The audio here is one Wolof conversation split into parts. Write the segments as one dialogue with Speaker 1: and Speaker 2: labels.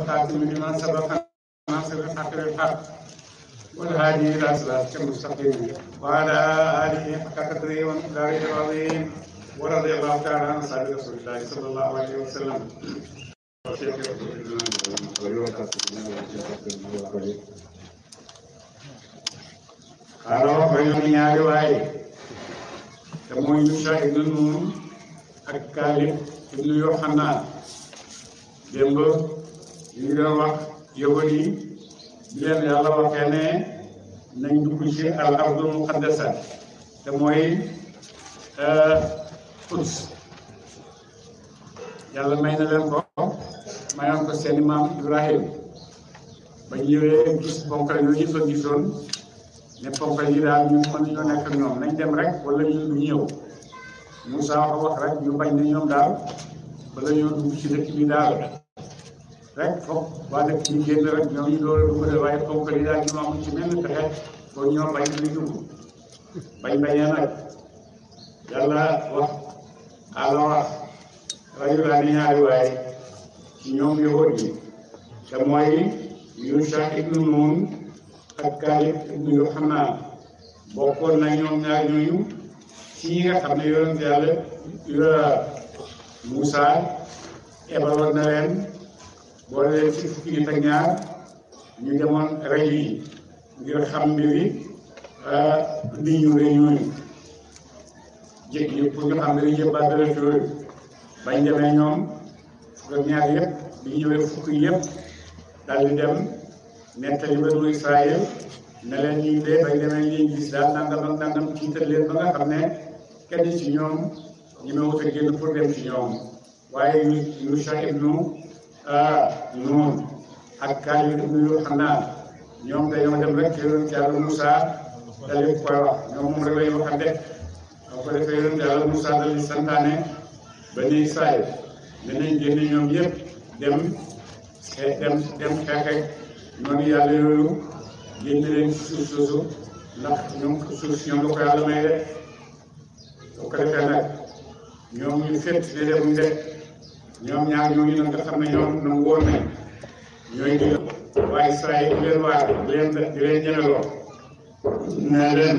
Speaker 1: وخاتم لمن سبق ناصر الحق بالحق والهادي الى صراطك المستقيم وعلى اله حق قدره ومقداره العظيم ورضي الله تعالى عن اصحاب رسول الله صلى الله عليه وسلم xaaloo xëy na ñaari waaye te mooy Musa ibnu Nun ak Kaalib ibnu Yoxanaan démb ñu ngi doon wax yowal yi di leen yàlla waxee ne nañ dugg ci al ardul muqaddasa te mooy euh, Quds yàlla may na leen ko mayoon ko seen maam Ibrahim ba ñëwee gis ponkal gisoon ne ponkal yi daal ñu mën ñoo nekk ak ñoom nañ dem rek wala ñu du ñëw Moussa ko wax rek ñu bañ ne ñoom daal bala ñoo dugg ci dëkk bi daal rek foog waa dëkk ci génn rek ñoom ñu door a dugal waaye ponk yi daal ñu amul ci benn pexe kon ñoo bañ li ñu bañ bañee nag yàlla wax àlla wax rajulaa ni ñaari waaye ci ñoom yahood yi te mooy Yusha ibnu Nun ak Kaalib ibnu Yohanna bokkoon na ñoom ñaar ñooñu ci ñi nga xam ne yonent yàlla Muusa ebaloon na leen boole leen ci fukki nit ak ñaar ñu demoon rey yi ngir xam mbir yi li ah, ñu rey ñooñu jékki pour ñu xam ne dañuy yëpp ak yooyu bañ demee ñoom fukk ñaar yëpp bi ñëwee fukki yëpp daal dem nettali ba lu Israël ne leen ñuy dee bañ ba nga xam ne ñu ma wut a génn pour dem ñoom waaye ñu ñu chaque nu Nuun ah, ak kaay yu tudd Xanaan ñoom dañoo dem rek yonent Yàlla Moussa dal koy wax ñoom moom rek la ñu waxante ko defee yonent Yàlla Moussa dal santaane ba ni Israël dinañ génne ñoom yëpp dem dem dem noonu yàlla yooyu génne leen ndax ñoom suuf ñoom la rek boo ko defee nag ñoom ñu fépp dem ñu ñoom ñaar ñooñu nag nga xam ne ñoom ñoom wóor nañ ñooy dégg waa Israël di leen waaj di leen di leen ñemeloo ne leen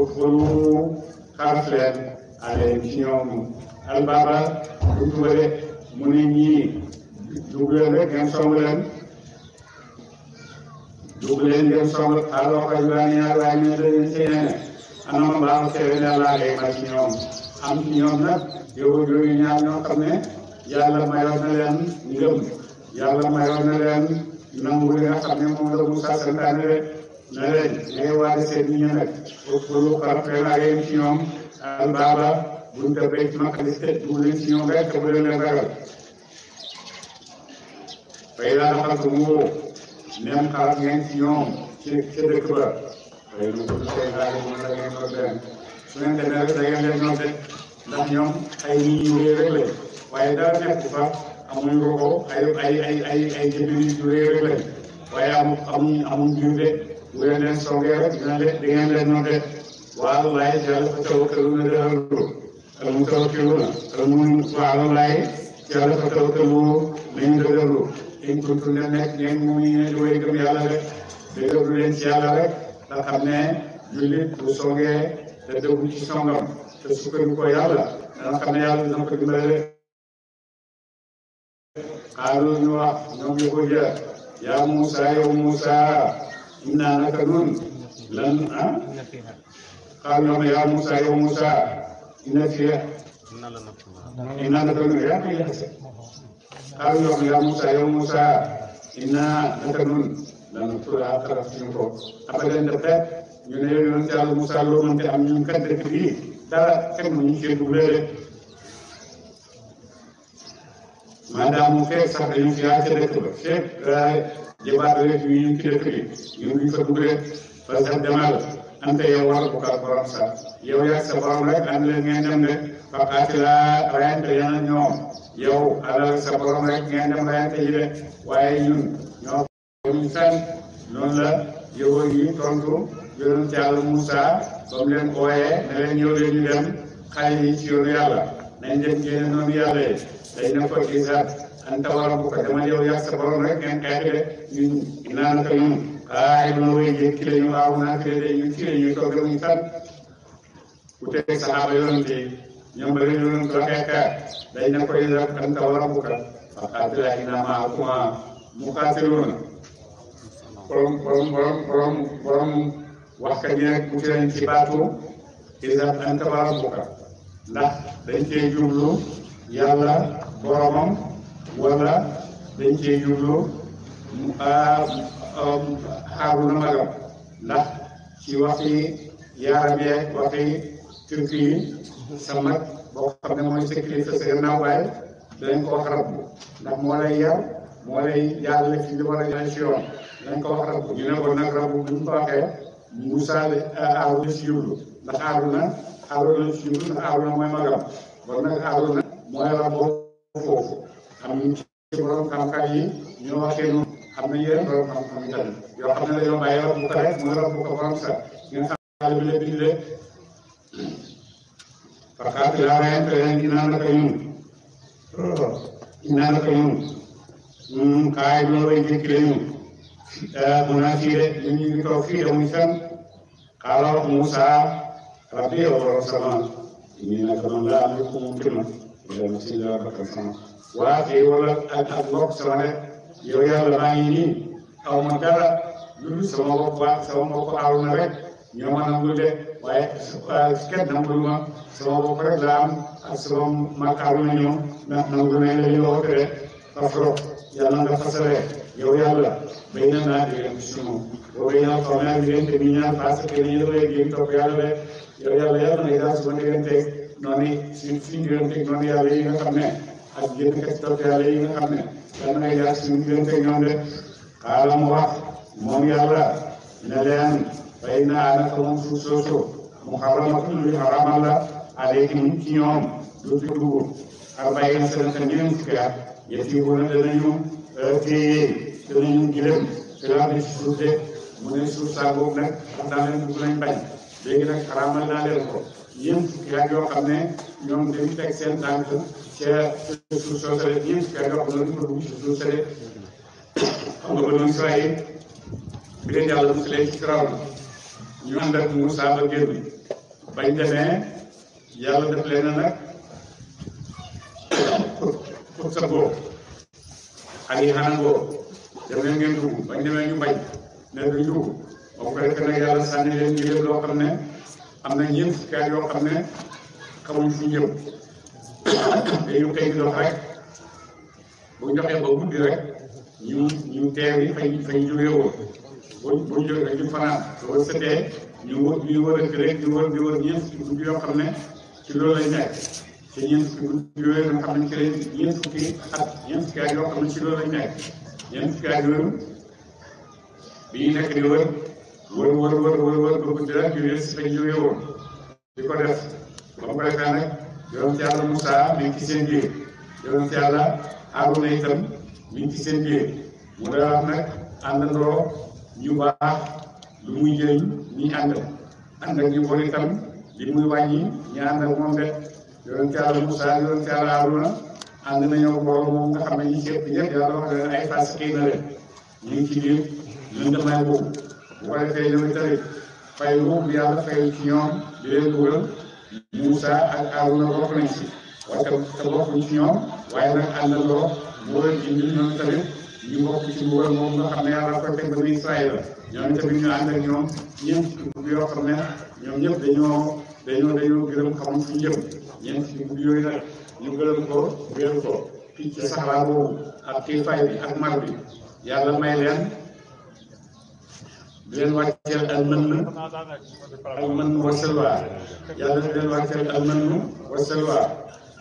Speaker 1: udxulu xaraf leen aleen ñoom albaaba du tuba de mu ne ñii dugg leen rek ngeen song leen dugg leen ngeen song alors que juróomi ñaar waaye ñu ne leen ci ne anam mbaamu seere ne laa lay ma ñoom am ci ñoom nag yow yooyu ñaar ñoo xam ne yàlla mayoon na leen ngëm yàlla mayoon na leen nangu li nga xam ne moom la Moussa santaane na leen ngay waale seen nit ñi nag lu xarfee naa yéen ci ñoom albaaba bunta béy ci maqalis te dugg leen ci ñoom rek bu leen leen ragal fay laa xar ko woo neem xalaat ngeen ci ñoom ci dëkk ba fay lu ko seen daal moom la ngeen ko benn su ngeen demee rek da ngeen leen noté ay nit ñu rek lañ waaye daa nekk sax amuñ ko ko ay ay ay ay ay jënd yu réer rek lañ waaye amu amuñ amuñ jur de bu ngeen leen songee rek dina leen di ngeen leen noté waaw laay jàll fa tawakkaluna dahru almutawakkiluuna almutawakkiluuna jàll fa tawakkalu nañu dëgërlu in kuntum na nekk ngeen mu ngi ne di way gëm yàlla rek dëgërlu leen ci yàlla rek nga xam ne jullit bu songee te dëggu ci songam te sukkandiku ko yàlla dana xam ne yàlla dina ko dimbale rek xaalu ñu wax ñoom ñu ko jël yaa Moussa yow Moussa inna naka nun lan ah xaalu ñoom yaa Moussa yow Moussa inna fiya inna lan tura xaraf ko abadan def rek ñu ne yow yoon ci Yàlla Moussa loo am ñun kat dëkk bii dara teg ñu ci maanaam fekk sax dañu siyaar ca dëkk ba fekk jabaat rek ñu ngi ci dëkk bi ñu ngi fa dugg rek fa sax demal anta yow war a bokk borom sax yow yaa sa rek ànd leen ngeen dem rek a ñoom yow rek ngeen dem rayante yi de waaye ñun la yowoon yi tontu yonent yàlla Moussa ba leen ooyee ne ñëw leen ñu xay yi ci yoonu yàlla nañ def yéen noonu yàlla yi day na ko ci sax anta wa rabbuka dama yow yàgg sa borom rek ngeen xeex de ñun naan ko ñun xaay ma wéy jékki la ñu waaw naa kii la ñu kii la ñu toog ñu sat ku teg saxaaba yonent yi ñoom ba léegi noonu ko xeexaat day na ko sax anta wa rabbuka fa qaatila inna ma'akuma muqaatiluun borom borom borom borom borom wax ka ñu rek bu ci lañ ci baatu sax anta wa rabbuka ndax dañ cee jublu yàlla boromam wala dañ cee jublu xaaruna ah, um, magam ndax ci waxi yaarab yeeg waxi turki sa mag boo xam ne mooy sa kilifa sa gannaaw baay dañ ko wax rabbu ndax moo lay yar moo lay jàllale ci li war a jàll dañ ko wax rabbu ñu ne ko nag rabbu bu ñu ko waxee Moussa de aaruna ah, si jublu ndax aaruna Arouna si ñun Arouna mooy magam kon nag Arouna mooy ràbboo foofu xam nañ ci borom xam-xam yi ñu waxee noonu xam nañ yeneen borom xam-xam yi tamit yoo xam ne dañoo bàyyi rab bu ko rek mooy rab bu ko borom sax ngeen xam xale bi la bindee fakkaat laa reyante leen dinaa la ko ñun dinaa la ko ñun ñun kaay loolu ay njëkk la ñun mun naa fii de ñu ngi toog fii de muy fen xaaral Moussa ربي هو السماء إني كمن لا أملك ممكنا إلا نفسي لا بك السماء وأخي ولا أبلغ سماء يويا لمعيني أو من كذا لولو سما بابا سما بابا أرونا رك ñoo ma nangul de waaye kenn nangul ma sama bopp rek laa am ak sama mag ñoom ndax nangul nañ la ñu wax de ah, parce que yàlla nga fasalee yow yàlla bay na naa di leen sunu bay naa xaw naa di leen te ñu ñaan parce que dañuy topp yàlla rek yow yàlla yàlla na yàlla su ma di leen noonu suñ suñ di noonu yàlla yi nga xam ne ak yéen topp yàlla yi nga xam ne yàlla na yàlla suñu di leen teg ñoom rek xaala wax moom yàlla ne leen bay naa ana ko moom suuf soosu mu xaramatun lu xaramal la aleykum ci ñoom lu fi dugg arbayin sanata ñeent fukki at yetiibu na danañu te mu ñu te laa bi suuf de mu ne suuf saa boobu nag ndax daa leen dugg nañ bañ léegi nag xaraamal naa leen ko yéen fukki at yoo xam ne ñoom dañu teg seen tànk ca suuf soo sale yéen fukki at yoo xam ne dañu ko dugg ci suuf sale xam nga ba doon bi leen yàlla musalee ci Firawna def leen nag pour sa góor ak yi xanaan góor dem ngeen dugg bañ demee ñu bañ ne duñ dugg ba mu yàlla sànni leen ñu dem loo xam ne am na ñeent fukki at yoo xam ne xamuñ fu jëm dañu ñu ñu teew yi fañ fañ jógee woon bu ñu wër ñu wër di wër ñeent fukki yoo xam ne ci loolu lañ nekk te ñeent fukki yooyu ne xam ne ci loolu lañ ñeent fukki at wër bi ñu nekk di wër wër wër wër wër wër ba guddi rek université fa ñu jógee woon di ko def ba mu ko defee nag yonent yàlla Moussa mi ngi ci seen biir yonent yàlla Arouna itam mi ngi ci seen biir mu doon wax nag àndandoo ñu baax lu muy jëriñ ñi àndal ànd ak ñu bon itam li muy wàññi ñu ànd ak moom rek yonent yàlla Moussa yonent yàlla Arouna ànd nañoo borom moom nga xam ne ñi ci ëpp ñoom tamit ñoom di leen dugal Moussa ak Arouna bokk nañ si waaye te ñoom waaye nag ñoom tamit ñu bokk xam ne yàlla ko teg bani Israël la ñoom tamit ñu ànd ak ñoom ñeenti dugub yoo xam ne ñoom ñëpp dañoo dañoo dañoo ñu gërëm ko wér ko ak xiifaay bi ak mar bi yàlla may leen di leen wàcceel al mënn al mënn wa selwa yàlla di leen wàcceel al mënn wa selwa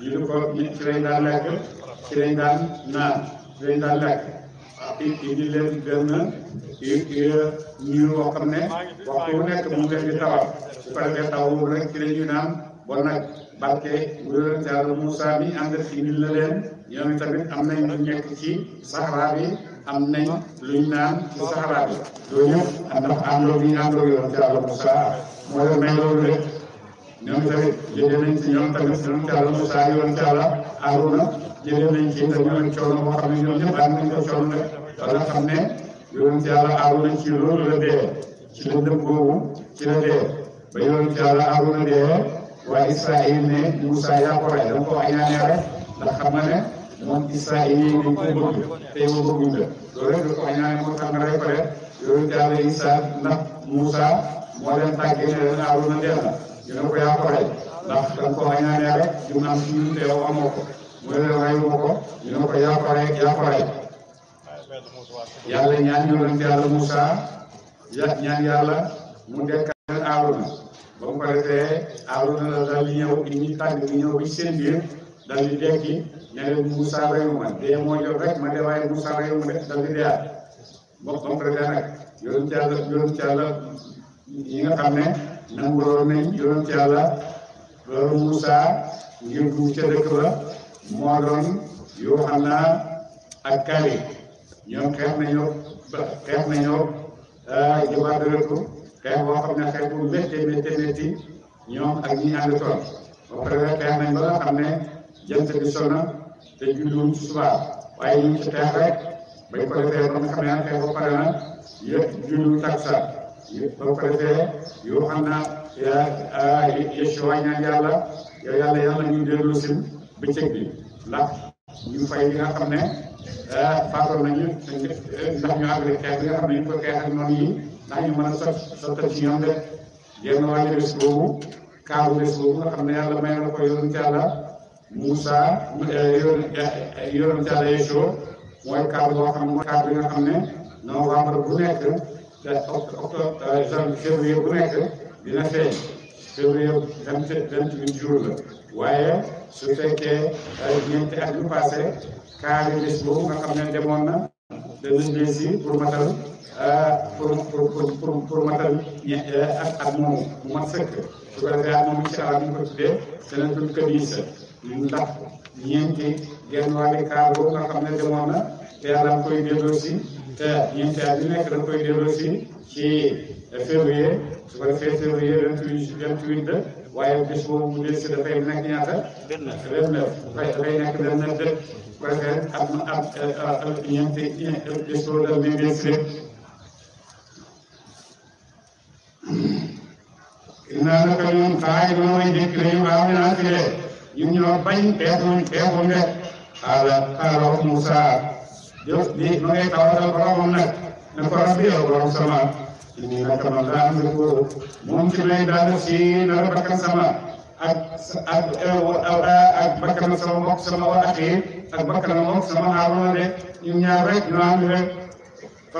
Speaker 1: yi lu ko nit ci lañ daan lekk ci lañ daan naan ci lañ daan lekk ah, i di leen benn niir woo ne waxtu bu nekk mu ngi di tawal su ko defee taw boobu rek ci la ñuy naan bon nag barke bu yonent yàlla Moussa bi ànd xibil la leen ñoom tamit am nañ lu nekk ci saxaraa bi am nañ luñ naan ci saxaraa bi loolu yëpp ndax àndoo bi àndoo yonent yàlla Moussa moo leen may loolu rek ñoom tamit jëlee nañ ci ñoom tamit yonent yàlla Moussa yonent yàlla Arouna jëlee nañ ci tamit coono boo xam ne ñoom ñëpp daan nañ ko coono rek ba nga xam ne yonent yàlla Arouna ci loolu la dee ci lëndëm boobu ci la dee ba yonent yàlla Arouna dee waa Israël ne Moussa yaa ko rey da nga ndax xam na ne moom Israël yi dañ ko bëgg te yow bëgguñ la loolu rek da ko añaane da mu naan ci mu ne la reyu ko ñu ne ko ñaan yonent yàlla Moussa ñaan yàlla mu dekk leen ba mu ko defee daal di ñëw ñi tàgg bi ñëw ba ci seen biir dekki ne leen Moussa reyu moo jot rek ma dee waaye Moussa de daal di deeaat bokk ba mu ko defee nag yonent yàlla yonent yàlla yi nga ne nanguloon nañ yonent yàlla loolu Moussa dëkk ba moo doon Yohana ak Kale ñoom xeex nañoo ba xeex nañoo euh, jabaat xeex boo xam ne xeex bu méttee méttee métti ñoom ak ñi ànd toon ba pare nañ ba xam ne jant bi te julluwuñ ci waaye ñu nga xam ne nag xeex pare na yëpp xam na yessuwaay ñaan yàlla yow yàlla yàlla ñu dellu si bëccëg bi ñu fay li nga xam ne ah, faatoon nañu eh, ndax ñu àggale xeex bi nga xam ne ñu ko xeex ak noonu yi daañu mën a sot sottal ci ñoom rek yéen a waaj a bés boobu kaaru bés boobu nga xam ne yàlla may na ko yonent yàlla Moussa eh, eh, yonent yàlla Yeshua mooy kaaru boo mooy kaaru nga xam ne novembre bu nekk te octobre eh, janvier dina feeñ février vingt vingt huit jours la waaye su fekkee ñeenti at yu passé kaaru bés boobu nga xam ne demoon na dana bési pour matal. pour pour pour pour matal ñe ak ak moomu mu mat sëkk su ko defee ak moom incha allah ko tuddee Sanatul Kanisa ndax ñeenti genn wàllu kaar boobu nga xam ne demoon na te yàlla koy delloosi te ñeenti at yu nekk da koy delloosi ci février su ko defee février vingt huit waaye bés boobu bu déllusi dafay ñaata. vingt neuf dafay dafay nekk ñeenti bés boobu daal di déllusi rek naa la ko ñoom saa yi lu may dégg dañu am naa si de ñun ñoo bañ teekuñ teekuñ de xaala xaala wax Moussa jo di ma ngay tawatal boromam nag ne ko rabbi yow borom sama nii naka man daa am ko moom ci lay daal si nar a bakkan sama ak ak ak bakkan sama mbokk sama wala ak bakkan mbokk sama Haaruna de ñun ñaar rek ñu am rek.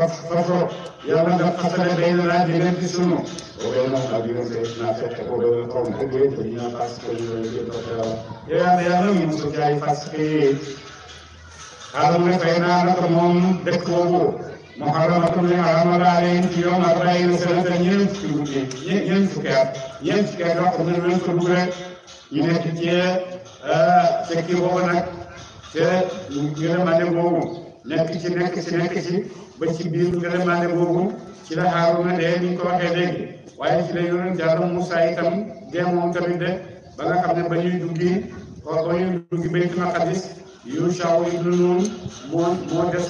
Speaker 1: fasoo yàlla nga fasale baynanaa diggante sunu o baynanaa ak diggante naafeq o doon xawm dëgg ko ñu naan fasike ñu ngi jëm ko teewa yow yàlla yàlla ñu musu jaay fasike xaaral ne fay naa la ko moom dëkk boobu mu xaramatum li xarama laaleen ci yoon arbayin sanata ñeent fukki guddi ñeent fukki at ñeent fukki at wax ne nañ ko dugg rek ñu nekk ci tekki boobu nag te gën a mane boobu nekk ci nekk ci nekk ci ba ci biir ngërëmaande boobu ci la Haaruna dee ni ko waxee léegi waaye ci la yonent Yàlla Muusaa itam dee moom tamit de ba nga xam ne ba ñuy duggi ba ñuy duggi Baytul Maqdis Yuusaa ibnu Nuun xam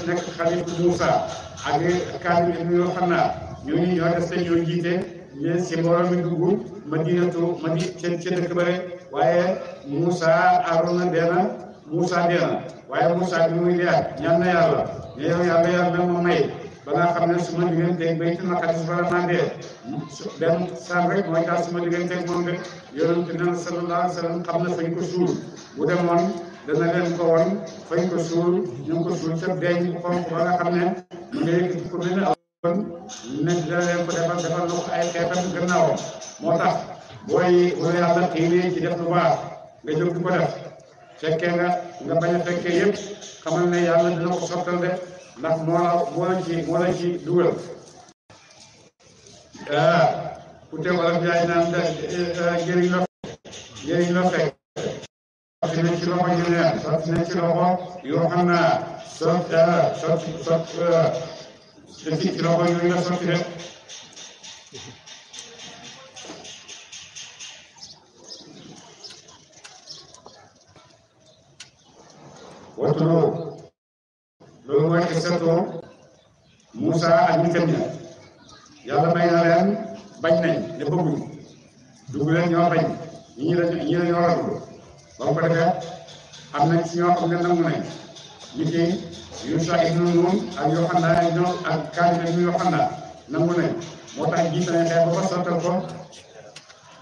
Speaker 1: naa ñooñu ñoo des te ñoo jiite ñeen si mbooloo mi dugg Madinatu Madi seen ca dëkk bare waaye Muusaa Haaruna dee na Muusaa dee na waaye Muusaa bi muy dee ñaan na yàlla yow yàlla yàlla ma may ba nga xam ne su ma digganteeg baytul maqdis bala maa dee su benn saan rek mooy daal su ma digganteeg moom rek yonente na sallallahu xam na fañ ko suul ñu ko suul ca denc xonk ba nga xam ne mu ngi moo tax booy booy yàlla xiiree ci def lu baax nga jóg ko def fekkee nga nga bañ a fekkee yëpp xamal ne yàlla dina ko sottal de ndax moo moo la ci moo la ci dugal ah ku te wala jaay naan da eh, jëriñ la jëriñ la fekk sotti na ci loxo ñu neen na ci loxo yoo xam naa sot ah, sot ah, sot ci loxo yooyu la sotti rek watuloo loolu mooy xisatoo Moussa ak nitam ya yàlla may na leen bañ nañ ne bëgguñ dugg leen ñoo bañ ñi la ñoo raglu ba mu ko defee am nañ si ñoo xam ne nangu nañ ñi ki Yuusa ibnu Nun ak Yoxanna ak ñoom ak Kaalib ibnu Yoxanna nangu nañ moo tax jiite nañ xeex ba ko sottal ko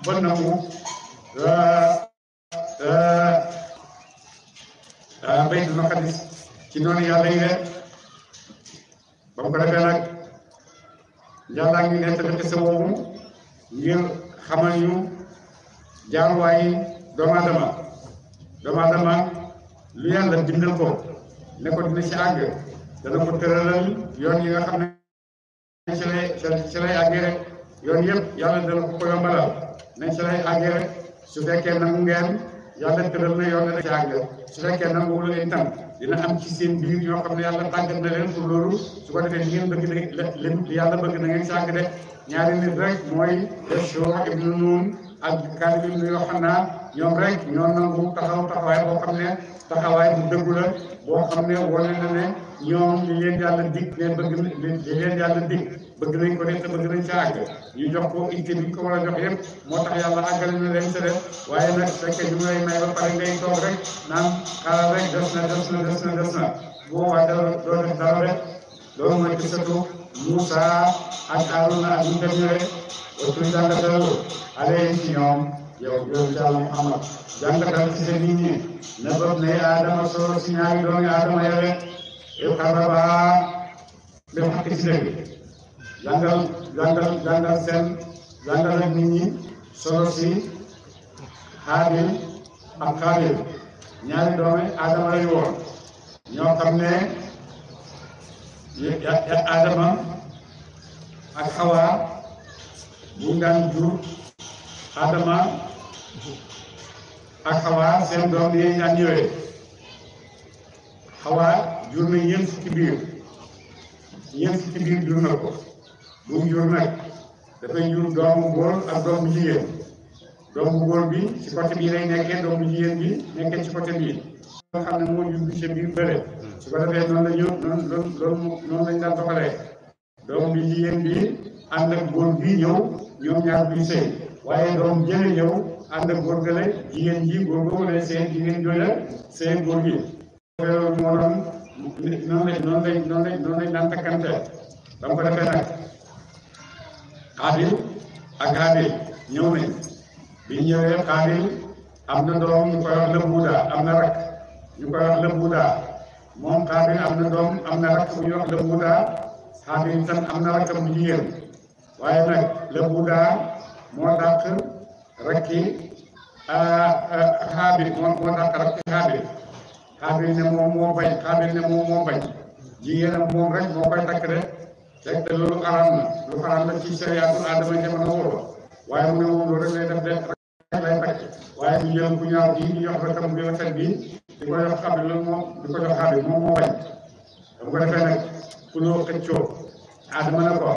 Speaker 1: ba nangu euh, euh, baytul maqdis ci noonu yàlla yi weer ba mu ko defee nag yàlla ngi nettali xisa boobu ngir xamal ñu jaaruwaayi doomu aadama doomu aadama lu yàlla bindal ko ne ko ci àgg dana ko yoon yi nga xam ne ci lay ci rek yoon yëpp yàlla dana ko ko yombalal nañ ci rek su fekkee nangu ngeen yàlla tëral na yoon na jàng su fekkee nanguwul leen tam dina am ci seen biir ñoo xam ne yàlla tàggat na leen a loolu su ko defee ngeen bëgg na leen yàlla bëgg na ngeen jàng de ñaari nit rek mooy Yeshua ibnu Nun ak Kaalib ibnu Yohanna ñoom rek ñoo nangu taxaw taxawaay boo xam ne taxawaay bu dëggu la boo xam ne wane na ne ñoom li leen yàlla dig ne bëgg li leen yàlla dig bëgg nañ ko def te bëgg nañ ca àgg ñu jox ko itte bi ñu ko war a jox yëpp moo tax yàlla àggale na leen sa waaye nag fekk ñu lay may ba pare ngay naan xaaral rek des na des na des na des na boo waa dara doo def dara rek loolu mooy gisatu Moussa ak Haruna ak ñu dem yore autorisation alayhi ci ñoom yow yow ci Yàlla Muhammad jàngatal ci ñi ne bopp ne Adama solo si ñaari doomi Adama yore yow xarabaa dem xaq ci dëgg jàngal jàngal jàngal seen jàngal ak nit ñi solo si Haabil ak Qaabil ñaari doomi Adama lañu woon ñoo xam ne Adama ak Hawa bu ngaan jur Adama ak xawaa seen doom yi daan ñëwee xawaa jur na ñeent fukki biir ñeent jur na ko mu jur nag dafay jur doomu góor ak doomu jigéen doomu góor bi ci côté bii lay nekkee doomu jigéen bi nekkee ci côté bii nga xam ne moo jur la ñu noonu loolu noonu lañ bi jigéen bi ànd ak góor bi ñëw ñoom ñaar bi sëy waaye doomu jële ñëw ànd ak góor gële jigéen ji góor góor seen jigéen jooja seen góor gi. noonu lañ noonu lañ noonu lañ noonu lañ daan ba defee nag xaabil ak xaabil ñëw nañ bi ñëwee xaabil am na doom ñu koy wax lëb buuda am na rak ñu koy wax lëb buuda moom xaabil am na doom am na rak bu ñuy wax tam am na rakam bu jigéen waaye nag lëb buuda moo dàq rakki ah, ah, xaabil moo moo dàq rakki xaabil xaabil ne moom moo bañ xaabil ne moom moo bañ jigéenam ne moom loolu rek lay def de rek lay takk waaye ñu jël bu ñaaw bii di yox rakam bi rafet bi di ko jox xaabil loolu moom di ko jox xaabil moom moo bañ dama ko defee nag ku loo xëccoo aadama ne ko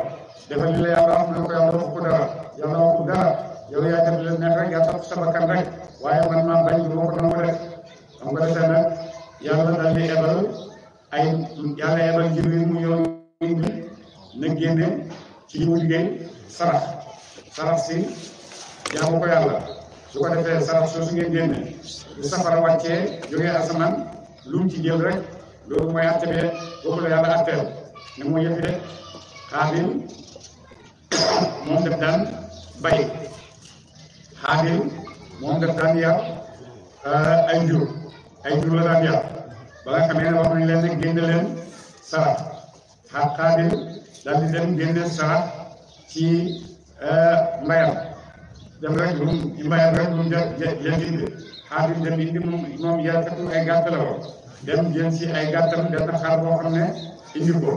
Speaker 1: defal li la yàlla wax dara yow yaa def la neex rek yaa topp sa bakkan rek waaye man maa bañ du ma ko nangu rek xam nga defee nag yàlla daal di ebal ay yàlla ebal jibril mu yoon bi na génne ci ñu liggéey sarax sarax si jaamu ko yàlla su ko defee sarax soosu ngeen génne bu safara wàccee jógee asamaan lu mu ci jël rek loolu mooy atte bi boobu la yàlla atteel ne mooy yëfi de xaabil moom def daan bay xaatim moom daf daan yar euh, ay njur ay njur la daan yar ba nga xamee ne wax leen génne leen sarax xa daal dem génne sarax ci euh, mbayam dem rek lu mu rek lu mu ja ja dem indi moom moom yarkatu ay gàtt la dem jël ci ay gàttam benn xar boo xam ne indi ko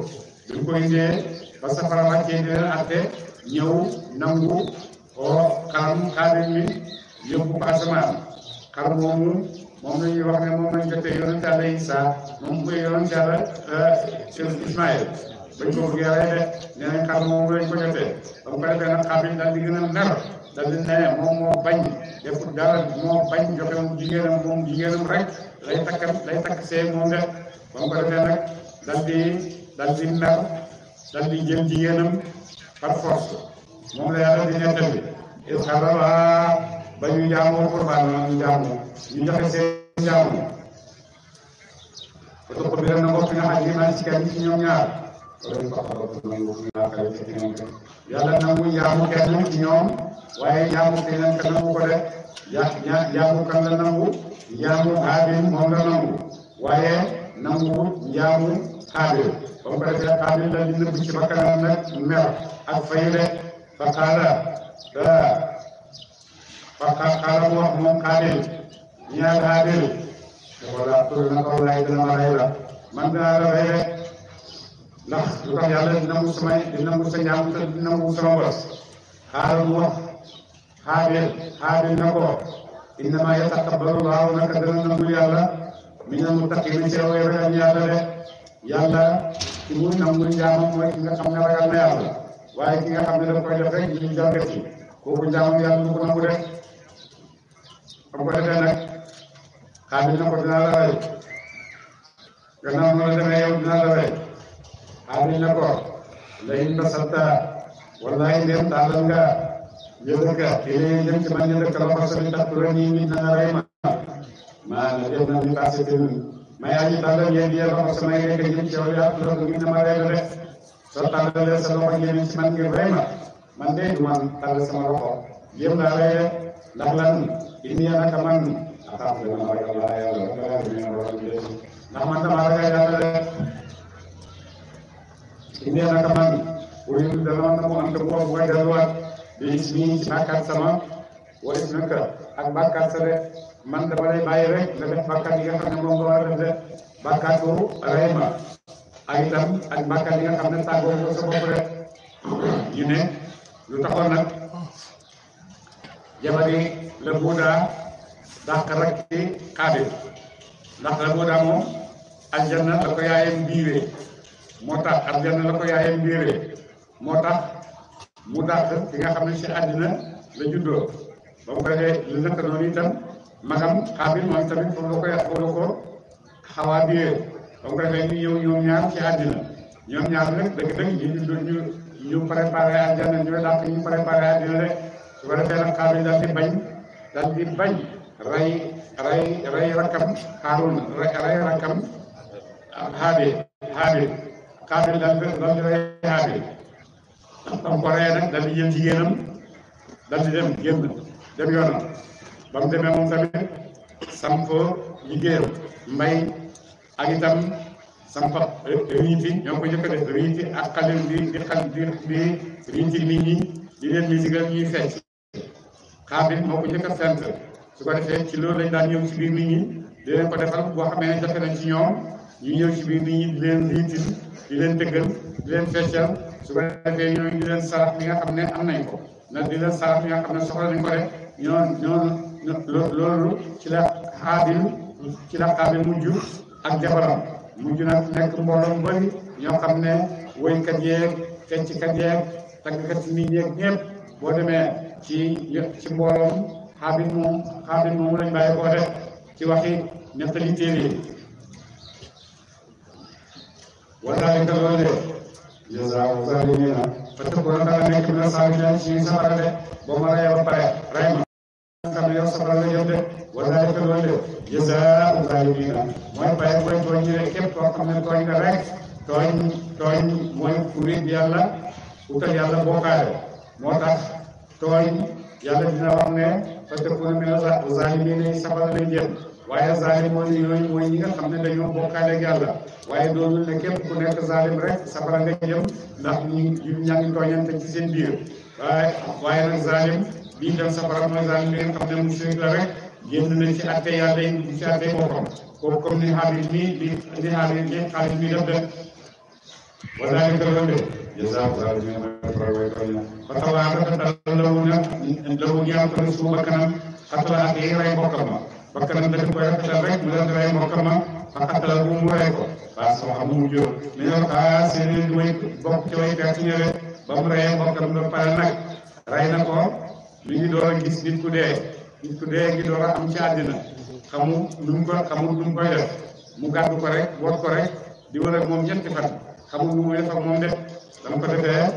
Speaker 1: duñ ko indee ba safara wàccee di leen atte ñëw nangu oo xarum xaalis mi yóbbu ko asamaan moomu moom la wax ne moom lañ jotee yonent Yàlla Isaa moom mooy yonent Yàlla eh, Ismaël bañ ko bëggee rey de nee nañ xar moomu lañ ko jotee ba mu ko defee nag xaar a mer daal di moom moo bañ deful dara moo bañ joxe mu moom jigéenam rek lay takk see moom de ba mu ko defee mer daal jël jigéenam par force. moom la yàlla di nettali il xaraba ba ñu jaamoo qurbaan ma ñu ñu joxe seen jaamu ba kan la nangu jaamu xaabil moom la nangu waaye nangu jaamu xaabil ba mu ko defee xaabil la li nëbb ci bakkanam nag mer ak fay rek فقال فقال الله من قابل يا قابل ولا تقولن قول لا إله إلا الله man daa la rey ndax lu tax yàlla dina mu samay dina mu sa ñaam te dina mu sama bos xaaral mu wax xaabil xaabil na ko innama yataqabbalu laahu naka dana nangu yàlla min al muttaqina ci way ragal yàlla de yàlla ci muy nangu jaamam mooy ki nga xam ne ragal na yàlla waaye ki nga xam ne daf koy def rek ñu ngi jàngati kooku njaamu yàlla du ko nangu def ba ko defee nag xaabil na ko dinaa la rey gannaaw noonu la demee yow dinaa la rey xaabil na ko layin basata wallahi ndem taalal nga yëgal nga xëy jëm ci man ne rek la fas yi tàttu rek nii nit na nga rey ma maa na dem na mi passé dem ma yaa ñu tàllal yéen yéen la fas may rek jëm ci yow yaa tudd ak nit na ma rey la rek soo tàllalee sa loxo jëm ci man ngir rey man de du man tàllal sama loxo jéem laa rey rek lan inni naka man attaafu la ma ragal laa yàlla ragal bi ñu waral de man damaa ragal yàlla rek inni naka man uridu dana man mu am te mu wax delluwaat bi ismi ci bàkkaat sama wala si naka sa rek man dama lay rek nga def bàkkaat yi nga xam ne moom nga war a def de bàkkaatu rey ak itam ak bàkkaar yi nga xam ne tàggoo ko rek ñu ne lu taxoon nag jabari la buudaa dàq rek ci xaadim ndax la buudaa moom aljanna la ko yaayam biiree moo tax aljanna la ko yaayam biiree moo tax mu dàq ki nga xam ne si àddina la juddoo ba mu ko defee naka noonu itam magam xaabil moom tamit foofu la ko foofu la ko xawaa biiree donc dafay ñu ñëw ñoom ñaar ci àddina ñoom ñaar nag dëgg-dëgg ñu ñu ñu préparé àjjana ñu dàq ñu préparé àddina rek su ko defee nag Xaabil daal di bañ daal rakam Haaruna rey rakam Haabil Haabil Xaabil daal di daal di rey Haabil am ko reyee nag daal di jël jigéenam daal dem génn dem yoonam ba demee moom tamit samp liggéeyam mbay ak itam sampat eh, riifi ñoo ko jëkk def riifi ak xalil di di xal di di ñi di leen musigal ñuy fecc xaabit moo ko jëkk a fent su defee ci loolu lañ daan ñëw ci biir nit ñi boo xamee ne jafe nañ ci ñoom ñu ñëw ci biir nit ñi su ko defee ñooñu di leen sarax mi nga xam ne am nañ ko ndax di leen sarax mi nga xam ne soxla nañ ci la xaabil ci la xaabil mujj ak jabaram mujj na nekk mbooloo mu bëri ñoo xam ne woykat yeeg fecckat yeeg tàggkat yi nii yeeg ñëpp boo demee ci ci xaabin moom xaabin moomu lañ bàyyi koo ci waxi nettali téere yi wazaalika loole jazaawu zaalimiina parce que boo nekk ci safara de boo ma ba pare ray kadu yo saballa yobde wallaahi ko loolu de jazaa'u zaalimiina mooy bay mooy tooñ ñi rek képp xam ne tooñ nga rek tooñ tooñ mooy kuréel yàlla utal yàlla bokkaale moo tax tooñ yàlla dina wax ne fatakuuna mina zaalimiina yi sabal lañ jëm waaye zaalim mooy yooyu mooy ñi nga xam ne dañoo bokkaale ak yàlla waaye doonul ne képp ku nekk zaalim rek sabal nga jëm ndax ñu ñu ñaa ngi tooñante biir waaye waaye nag liy dem safara mooy daal li nga xam ne mushrik la rek génn na ci àtte yàlla yi dugg ci àtte boppam ni xaalis mi li li xaalis li xaalis mi def def wazaalika loolu de jazaa'u li man farawayta fa tabaaraka dal lawu nag lawu ñaan ko ma bakkanam dañ mu daan rey ma fa xatala bu ko waa soo mu jóor li ñoo xaa seen way bokk ci way gàtt ñëwe ba mu reyee mbokkam ba pare nag rey na ko mi ngi door a gis nit ku ku dee ngi door a am ci àddina xamul lu mu ko xamul lu mu koy def mu gàddu ko rek wot ko rek di wër ak moom ñetti fan xamul lu muy def moom def dama ko def du rek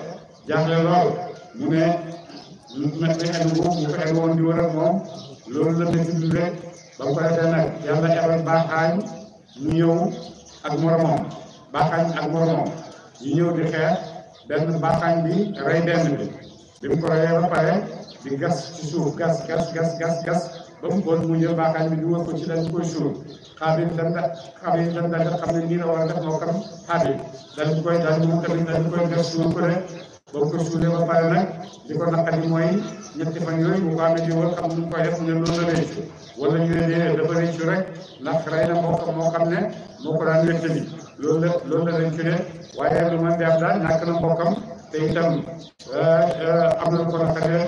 Speaker 1: mu ñëw ak moromam baaxaañ ak moromam ñu ñëw di xeex benn baaxaañ bi rey benn bi bi mu ko reyee pare di gas ci suuf gas gas gas gas gas ba mu bon mu jël baaxaay bi di wër ko ci dañ koy la war a def moo kam xaabil dañ koy dañ moom tamit dañ koy gas suur ko ne ba mu ko suulee ba pare nag li ko naqari mooy ñetti fan yooyu bu ko amee di wër xam nu koy def mu ne loolu la réccu wala ñu ne déedéet dafa réccu rek ndax rey na moo moo xam ne moo ko daan wéttali loolu la loolu la réccu ne waaye lu mën di am daal ñàkk na mbokkam te itam am na ko rafetee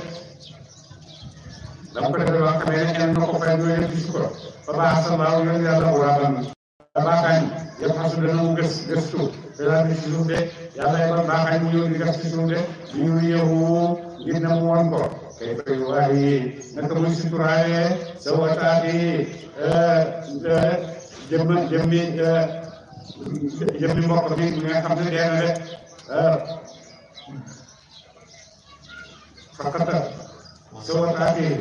Speaker 1: dama ko defee loo xamee ne kenn du ko fay ñëwee yëpp gis ko ba baax sa maaw yoon yàlla bu waatal na da baaxaañ yëpp xasu dana mu gës gëstu te daal di si suuf de yàlla yebal baaxaañ mu ñëw di gës si suuf de ñu yëwu ngir na mu woon ko kay bay waaye naka muy suturaaye sa wataati jëmm jëmmi jëmmi mbokk bi nga xam ne dee na de fakkatal soo taatee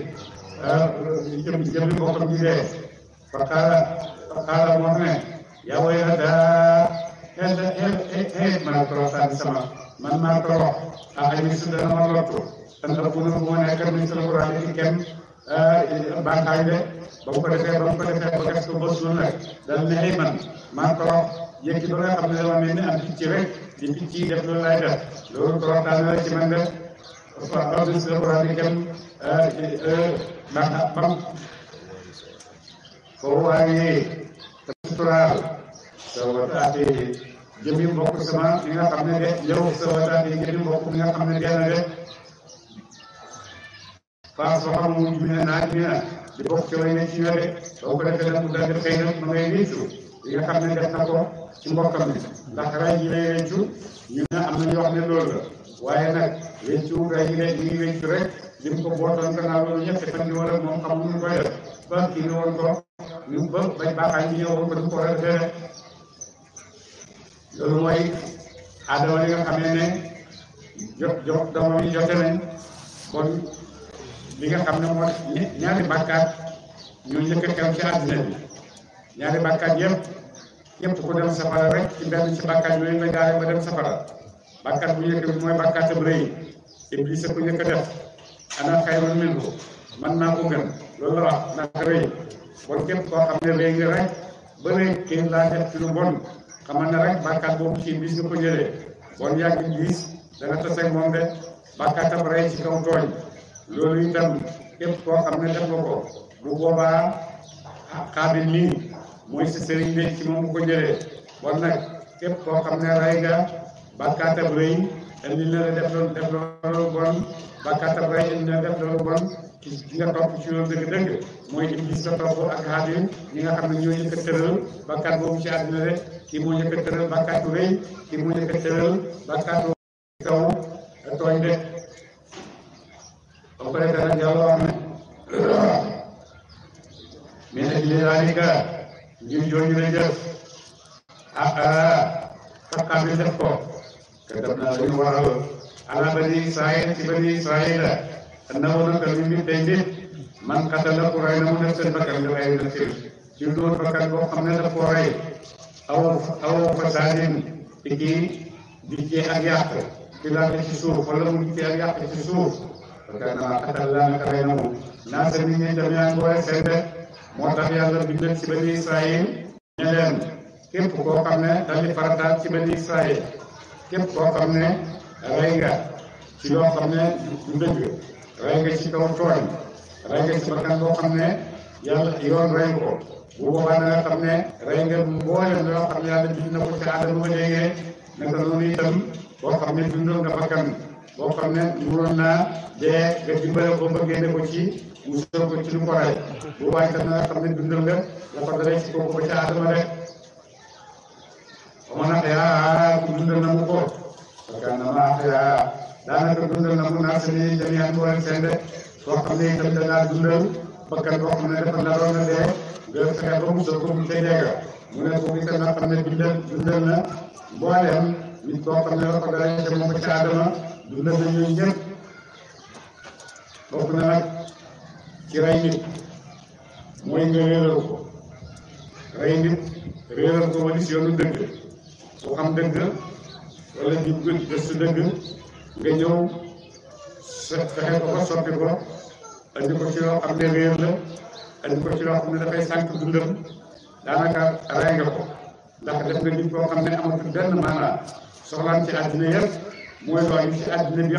Speaker 1: jëm jëm bokkam ji dee fakkaala fakkaala moo ne yaa way la daa xeet xeet xeet man toroxtaan sama man maa torox a añu su dana ma lottu tan ëpp na moo nekk ni sa kuraale ci kenn bànqaay de ba mu ko defee ba mu ko defee ba gas ko ba suul nag dal ne ay man maa torox yëkki ba nga xam ne dama am picc rek di picc yi def loolu lay def ci man def رب قرآنك فهو عليه تسترال سوى تأتيه جميع بوك سما نيغا خامن دي يو سوى تأتيه جميع بوك نيغا خامن دي أنا دي فأصبح مؤمنا ناجيا di bokk ci way ne ci yore boo ko defee nag mu daal di xëy nag ma nga xam ne def na ko ci mbokkam ndax ray yi ne am na ñoo xam ne loolu la waaye nag wéccu day rek lim ko bootoon gannaaw loolu ñetti fan yi wala moom xamul ñu koy def ba kii woon war a defee loolu mooy aadama li nga jot jot doomam yi jote nañ kon li nga xam ne moo ñaari bàkkaat ñu njëkk a xew ci àddina bi ñaari bàkkaat yëpp yëpp ku dem safara rek ci benn ci bàkkaat bu a bi mooy bàkkaatam rëy iblis a ko njëkk a def ana xayrun minhu man naa ko loolu la wax ndax rëy xam ne rek ba rëy laa def lu bon xamal ne rek bàkkaat boobu ci iblis nga ko jëlee bon yàgg iblis dana tase ak moom de bàkkaatam rëy ci kaw tooñ loolu itam képp koo xam ne def ko bu boobaa xaabil mooy si sëriñ ci moom ko jëlee bon nag képp koo xam ne rëy nga bàkkaatam rëy indi na la def loolu def loolu bon bàkkaatam rëy indi na la def loolu bon ki ki nga topp ci loolu dëgg-dëgg mooy iblis sa topp ak xaadim ñi nga xam ne ñoo njëkk a tëral bàkkaat boobu ci àddina rek kii moo njëkk a tëral bàkkaatu rëy kii moo njëkk a tëral bàkkaatu kaw tooñ rek ba pare dara yàlla wax ne mais nag léeg-léeg ñu jooju la jëf ah, ah ah xam-xam def ko. كتبنا لهم وهب على بني إسرائيل في بني إسرائيل أنه نقل من بيت من قتل قرينا نفسا بكر غير نفسه جندور بكر وقمنا القرين أو أو فساد تجي بيجي أجاك بلا تشوف ولا ممكن أجاك تشوف فكان ما قتل لنا قرينا ناس من جميع قوى سيدة موتى يلا بنت بني إسرائيل ñeneen képp koo xam ne dañu farataal ci benn Israël képp koo xam ne rey nga ci loo xam ne du dëgg rey ci kaw tooñ rey ci bakkan boo xam ne yàlla yoon rey nga ko bu na nga xam ne rey nga mboolem loo xam ne yàlla bind na ko ci aadama ba léegi naka noonu itam boo xam ne bindoon nga bakkan boo xam ne mënoon nga dimbale ko xam ne dundal nga dafa dalee ci kooku ba ca aadama rek ومن أحياها كل دون مقر فكأنما أحياها daanaka dundal na mu naat seen jamian bu wàllu seen dëkk boo xam ne itam danaa dundal bakkan boo xam ne dafa naroon na dee nga fexe ba mu soog a mu dégg mu ne boobu itam na xam ne dundal dundal na mboolem nit boo xam ne la ko dalee ca moom ca Adama dundal na ñooñu ñëpp bokk na nag ci rey nit mooy nga réeral ko rey nit réeral ko ba gis yoonu dëgg ku am dëgg wala ñu gën gëstu dëgg nga ñëw sa fexe ko fa soppi ko andi xam ne réer la andi ko ci loo xam ne dafay sànq dundam daanaka rey nga ko ndax def nga nit koo xam ne amatul benn maanaa soxlaam ci àddina yëpp mooy loo ci àddina bi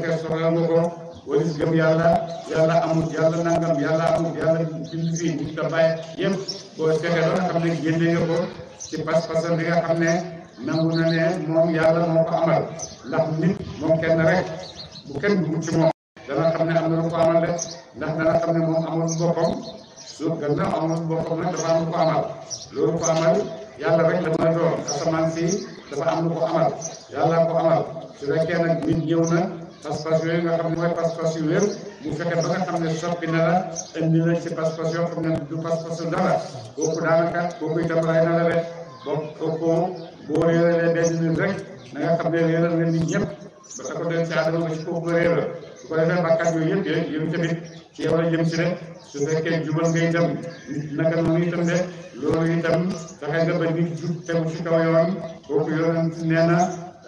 Speaker 1: nga soxla nga ko wala gis yàlla yàlla amul yàlla nangam yàlla amul yàlla fii fii te bàyyi yëpp boo fexe loo xam ne génne nga ko. ci pas-pasam bi nga xam ne nangu na ne moom yàlla moo ko amal ndax nit moom kenn rek bu kenn dugg ci moom dana xam ne am na lu ko amal de ndax dana xam ne moom amul boppam su gannaaw amul boppam nag dafa amal ko amal yàlla rek la mën a doon ñëw na pas-pas yooyu nga xam ne mooy pas-pas yu wér mu fexe ba nga xam ne soppi na la indi la ci pas-pas yoo xam ne du pas-pasu dara kooku daanaka kooku itam rey na la rek boo kooku boo réeralee benn nit rek na nga xam ne réeral nga nit ñëpp ba sa ko doon ci àdduna ba ci kooku nga réeral su ko defee bàkkaat yooyu yëpp yéen yéen tamit ci yow la jëm si rek su fekkee jubal ngay dem naka noonu itam de loolu itam fexe nga ba nit jub tegu ci kaw yoon kooku yoonam nee na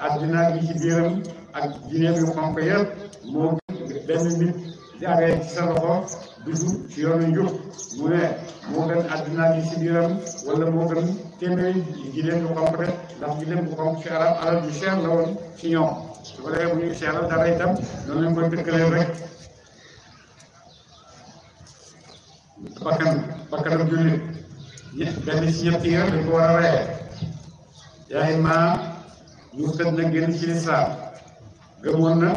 Speaker 1: àddina gi ci biiram ak jineem yu xonq yëpp moo gën benn nit jaaree ci sa loxo dugg ci yoonu njub mu ne moo gën àddina yi si biiram wala moo gën téeméeri jineem yu xonq rek ndax jineem bu xonq ci arab bu war a reyee yaay maa ñu xëj na génn ci lislaam gëmoon na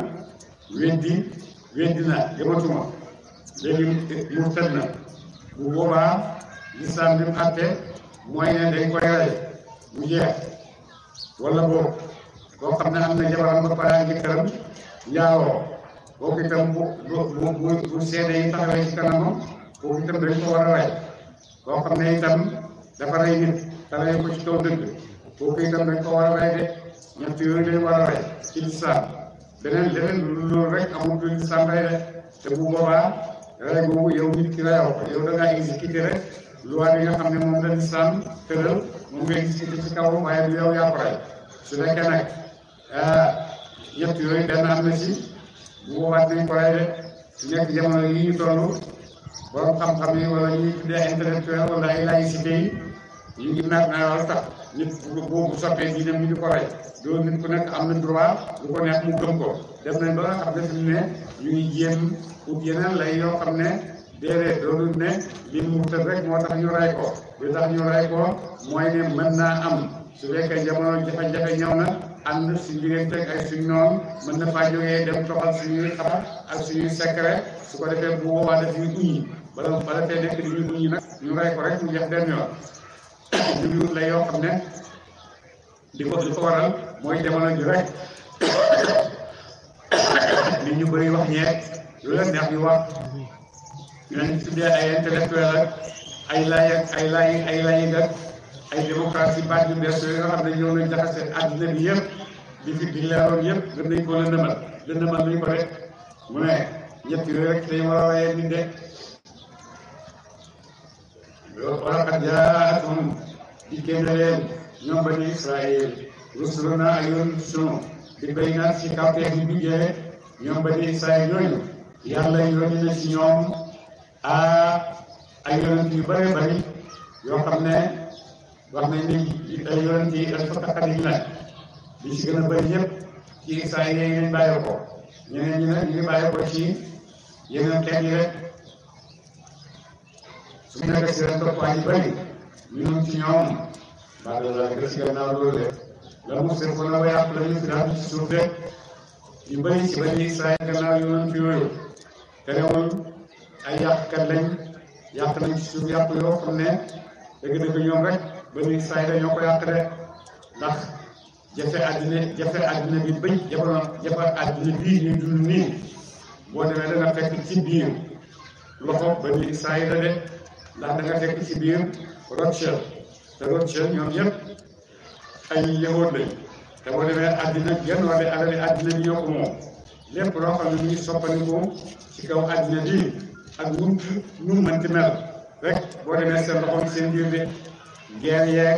Speaker 1: weddi weddi na gëmatuma léegi murtad na bu boobaa lislaam bi mu àtte mooy ne dañ koy rey mu jeex wala boobu koo xam ne am na jabaram ba pare ngi këram njaaroo kooku itam bu bu bu bu seede yi taxawee ci kanamam kooku itam dañ ko war a rey koo xam ne itam dafa rey nit taxawee ko ci kaw dëgg kooku itam dañ ko war a rey de ñett yooyu lañ war a rey ci lislaam beneen leneen lu loolu rek amatul sant rek te bu boobaa rey boobu yow nit ki reyoo ko yow da ngaa exécuté rek loi bi nga xam ne moom la islam tëral moom nga exécuté ci kaw waaye du yow yaa ko rey su fekkee nag yett ah, yooyu benn am na ci bu boobaa dinañ ko rey rek su nekk jamono yi ñu toll borom xam-xam yi wala ñuy tuddee intellectuel wala ay laïcité yi ñu ngi naat naa tax. nit boo ko soppee diineem ñu di ko rey loolu nit ku nekk am na droit lu ko neex mu gëm ko dem nañ ba a xam ne fi mu ne ñu jéem ut yeneen lay xam ne déedéet loolu ne li mu tëdd rek moo tax ñu rey ko mooy ne mën naa am su fekkee jamono jafe-jafe ñëw na ànd suñu diggante ak suñu noonu mën na faa jógee dem toxal suñuy xabar ak suñuy secret su ko defee bu boobaa daf ñuy uñi bala bala fee nekk di ñu nag ñu rey ko rek mu jeex benn yoon jubluwut la yoo xam ne li ko li ko waral mooy jamono ju rek nit ñu bëri wax ñeeg lu leen neex ñu wax ñu leen tuddee ay intellectuel ak ay laay ay laay ay laay ak ay yu bees yooyu nga xam ne ñoo nañ jaxase àddina bi yëpp di fi di leeroon yëpp gën nañ ko lëndëmal lëndëmal lu ko rek mu ne ñett yooyu rek dañu war a waaye nit de a jaa'athum dikkee na leen ñoom bani Israël rusuluna ay yoon sunu di baynaat ci kawteef yi duggee ñoom bani Israël yooyu yàlla yónni na ci ñoom a ay yonent yu bare bari yoo xam ne wax nañ ni ay yonent ñu ngi ko ci yeneen xeet yi rek su ñu nekk si ren toppatoo yi bëri ñun ci ñoom maa ngi leen di si gannaaw loolu la mu seet ko la way ak la ñu daan ci suuf rek ñu bëri si bañ saay gannaaw yonent yooyu te woon ay yàqkat lañ yàq nañ ci suuf yàq yoo xam ne dëgg-dëgg ñoom rek ba ñuy saay dañoo ko yàq rek ndax jafe àddina jafe àddina bi bañ jafaloon jafe àddina bii ñu dund nii boo demee danga fekk ci biir loxo ba ñuy saay la de. ndax da nga fekk ci biir Rothschild te Rothschild ñoom ñëpp ay yëwoon lañ te boo demee àddina genn wàllu alali àddina bi ko moom lépp loo xam ne ci kaw àddina bi ak nu mënti mel rek boo demee seen loxoom seen biir bi guerre yeeg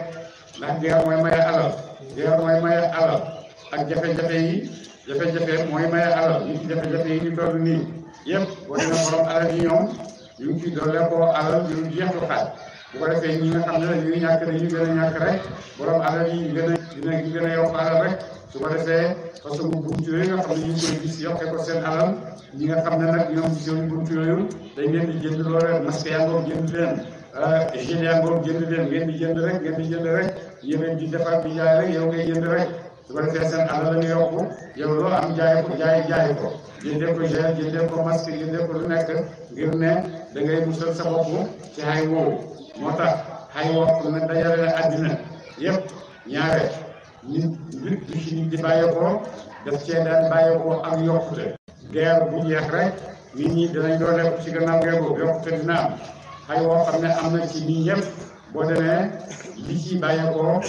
Speaker 1: ndax guerre mooy maye alal guerre mooy maye alal ak jafe-jafe yi jafe-jafe mooy maye alal nit jafe-jafe yi ñu toll nii yëpp boo demee borom alal yi ñoom ñu ngi ko ñu ngi jeex a alal yi gën a dina a yokk alal rek su ko defee parce que buntu yooyu nga xam ne ñu ngi koy gis yokkee ko seen ñi nga xam ne nag ñoom gis di jënd loole masque yaa ngoog jënd leen euh, gel yaa ngoog jënd leen ngeen di jënd rek ngeen di jënd rek yéen di defar bi jaay rek yow ngay defee seen alal la yokku yow loo am jaay ko jaay jaay ko jëndee ko gel jëndee ko masque jëndee ko lu nekk ngir ne da ngay musal sa ci xay woowu moo tax xay woowu kon nag dajale la àddina yëpp ñaare nit nit bi ci daf cee daan bàyyeekoo am yokkute guerre bu jeex rek ñii ñi danañ doon nekk ci gannaaw guerre yokkute dina am xay woo xam ne am na ci nit ñëpp boo demee li ci bàyyeekoo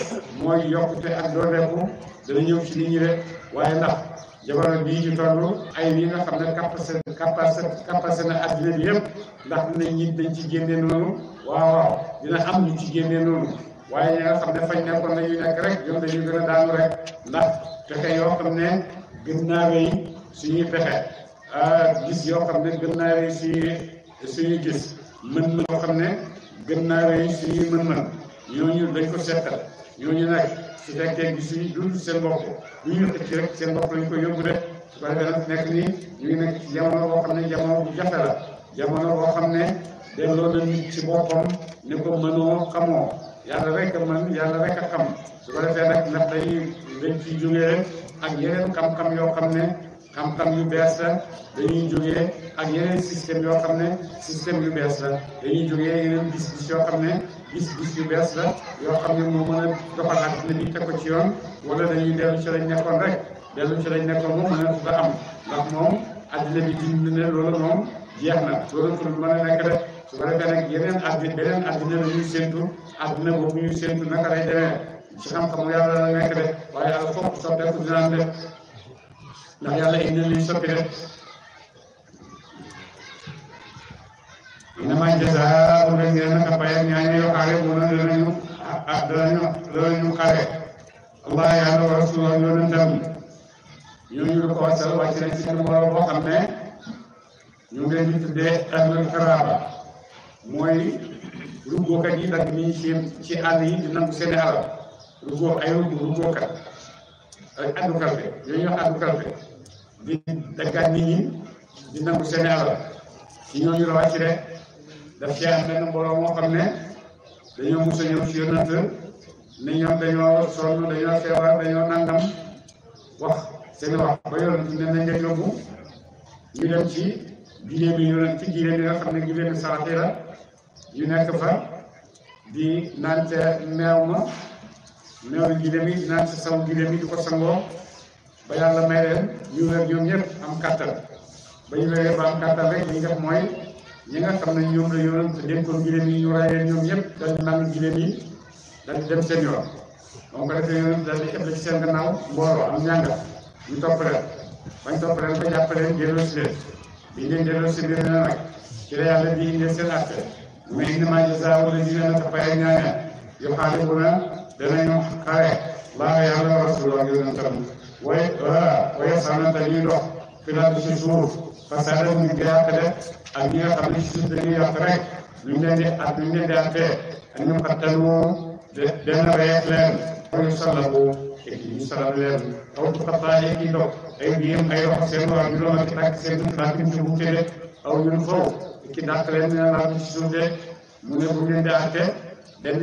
Speaker 1: mooy yokkute ak dooleeku dana ñëw ci nit ñi rek waaye ndax jamono bii ñu toll ay yi nga xam ne capacité na adduna bi yëpp ndax dinañ ñi dañ ci génne noonu waaw waaw dina am ñu ci génne noonu waaye ñi nga xam ne fañ nekkoon nañu nekk rek ñoom dañuy gën a daanu rek ndax pexe yoo xam ne gën naa wéy suñuy pexe ah, gis yoo xam ne gën naa wéy suñuy suñuy gis mën-mën yoo xam gën naa wéy suñuy mën dañ ko seetal ñooñu nag. su fekkee gisuñu dund seen bopp bu ñu xëcc rek seen bopp lañ koy yóbbu rek su ko defee nekk nii ñu nekk ci jamono boo xam ne jamono bu jafe la jamono xam ne delloo na nit ci boppam ne ko mënoo xamoo yàlla rek a mën yàlla rek a xam su ko defee nag ndax dañuy jógee ak yeneen xam-xam yoo xam ne xam-xam yu bees la dañuy jógee ak yeneen système yoo xam ne système yu bees la dañuy jógee yeneen gis-gis yoo xam ne gis-gis yu bees la yoo ne moo mën a doxal àddina bi teg ko ci yoon wala dañuy dellu ci lañ nekkoon rek dellu ci lañ nekkoon moom mën a ak am ndax moom àddina bi bind ne loolu moom jeex na loolu tul mën a nekk rek su ko defee yeneen àddina beneen àddina la ñuy séntu àddina boobu ñuy séntu naka lay demee ci xam-xam yàlla la nekk de waaye ndax yàlla indi nañ soppi rek innama jazaa'u rek nee na ka payam ñaa ñu yokkaale mu ne danañu ah danañu danañu xare allah yàlla wa rasulam yonentam ñooñu la ko wasal wàcc nañ seen mbooloo boo xam ne ñu ngi leen di tuddee ahlul karaaba mooy ruggookat yi dagg nii ci ci àll yi di nangu seen alal ruggoo ay ruggookat ak addu kalfe yooyu ñuy wax kalfe di daggaat nit ñi di nangu seen alal ci ñooñu la wàcc rek daf cee am benn mbooloo moo xam ne dañoo mus a ñëw ci yonent ne ñoom dañoo sonn dañoo feebar dañoo nangam wax seen wax ba yonent ne nañ leen yóbbu ñu dem ci gileem yi yonent ci gileem yi nga xam ne gileem yi salaate la ñu nekk fa di naan ca meew ma meew gilem yi naan si saw gilem yi di ko sangoo ba yàlla may leen ñoom ñëpp am kàttan ba ñu wéree ba am kàttan rek li ñu mooy ñi nga xam ne ñoom la yoroon te dénkoon gilem yi ñu ray leen ñoom ñëpp daal di nangu gilem yi daal di dem seen yoon moom ko defee yoon daal di eble ci seen gannaaw mbooloo am ñànga ñu topp leen bañ topp leen ba jàpp leen delloo si leen biñ nag danañu xare laa yàlla rasulullah ak yonentam way voilà way sànna dañuy dox filaatu si suuf fasaada ñu jaatale ak ñi nga xam ne si suuf dañuy yàq rek ñu leen di ak ñu leen di àttee ak ñu xattan wu dana reet leen ñu salabu et ñu salab leen aw tu xataa yi kii dox ay biyam ay wax seen waa ñu doon ak tàkk seen tàkkim ci wuute de aw ñun foofu ki dàq leen dina laatu si suuf de mu ne bu ngeen di àtte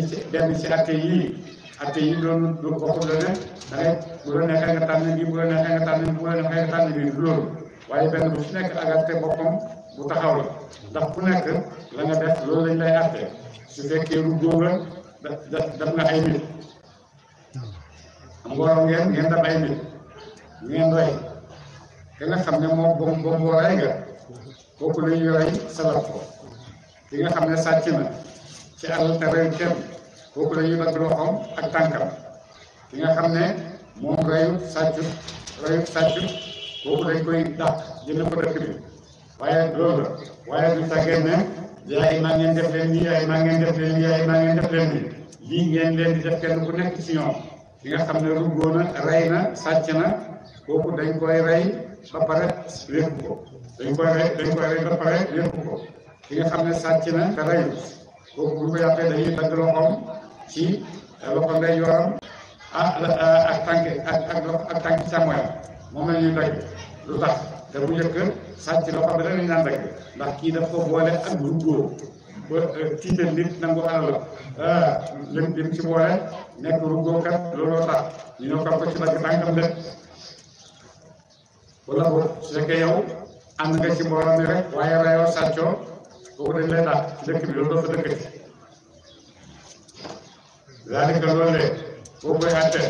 Speaker 1: ci dem ci yii atte yi doon doon bokkul la ne da ngay bu la neexee nga tànn bii bu la neexee nga tànn bu la neexee nga tànn bii loolu waaye benn bu su nekk ak atte boppam bu taxaw la ndax ku nekk la nga def loolu lañ lay atte su fekkee lu góor la def nga ay nit am ngooram ngeen ngeen def ay nit ngeen rey ki xam ne boo rey nga kooku la ñuy rey salaf ko ki xam ne sàcc na ci alal te rey kenn kooku la ñuy mag loxoom ki nga xam ne moom reyut sàccut reyut sàccut kooku dañ koy ko dëkk bi waaye loolu la waaye ne yaay maa ngeen def leen nii yaay maa ngeen def leen nii yaay maa ngeen nga xam ne ruggoo na rey na sàcc na kooku dañ koy rey ba pare lépp ko dañ koy ki nga xam ne sàcc na te reyut kooku bu ñu ko yàqee dañuy ci loxo ndeyjooram ak euh, ak tànk ak ak moom la ñuy lu tax te bu njëkk sàcc loxo bi rek lañu daan ndax kii daf ko boole ak lu góor ba euh, nit nangu alal euh, lim lim ci boole nekk ruggookat looloo tax ñu ñëw ko ci dagg tànkam de wala boog su fekkee yow nga ci mbooloo mi rek waaye rayoo sàccoo boobu dañ lay daal ci dëkk bi loolu fa dëkkati zalika loole boo koy atte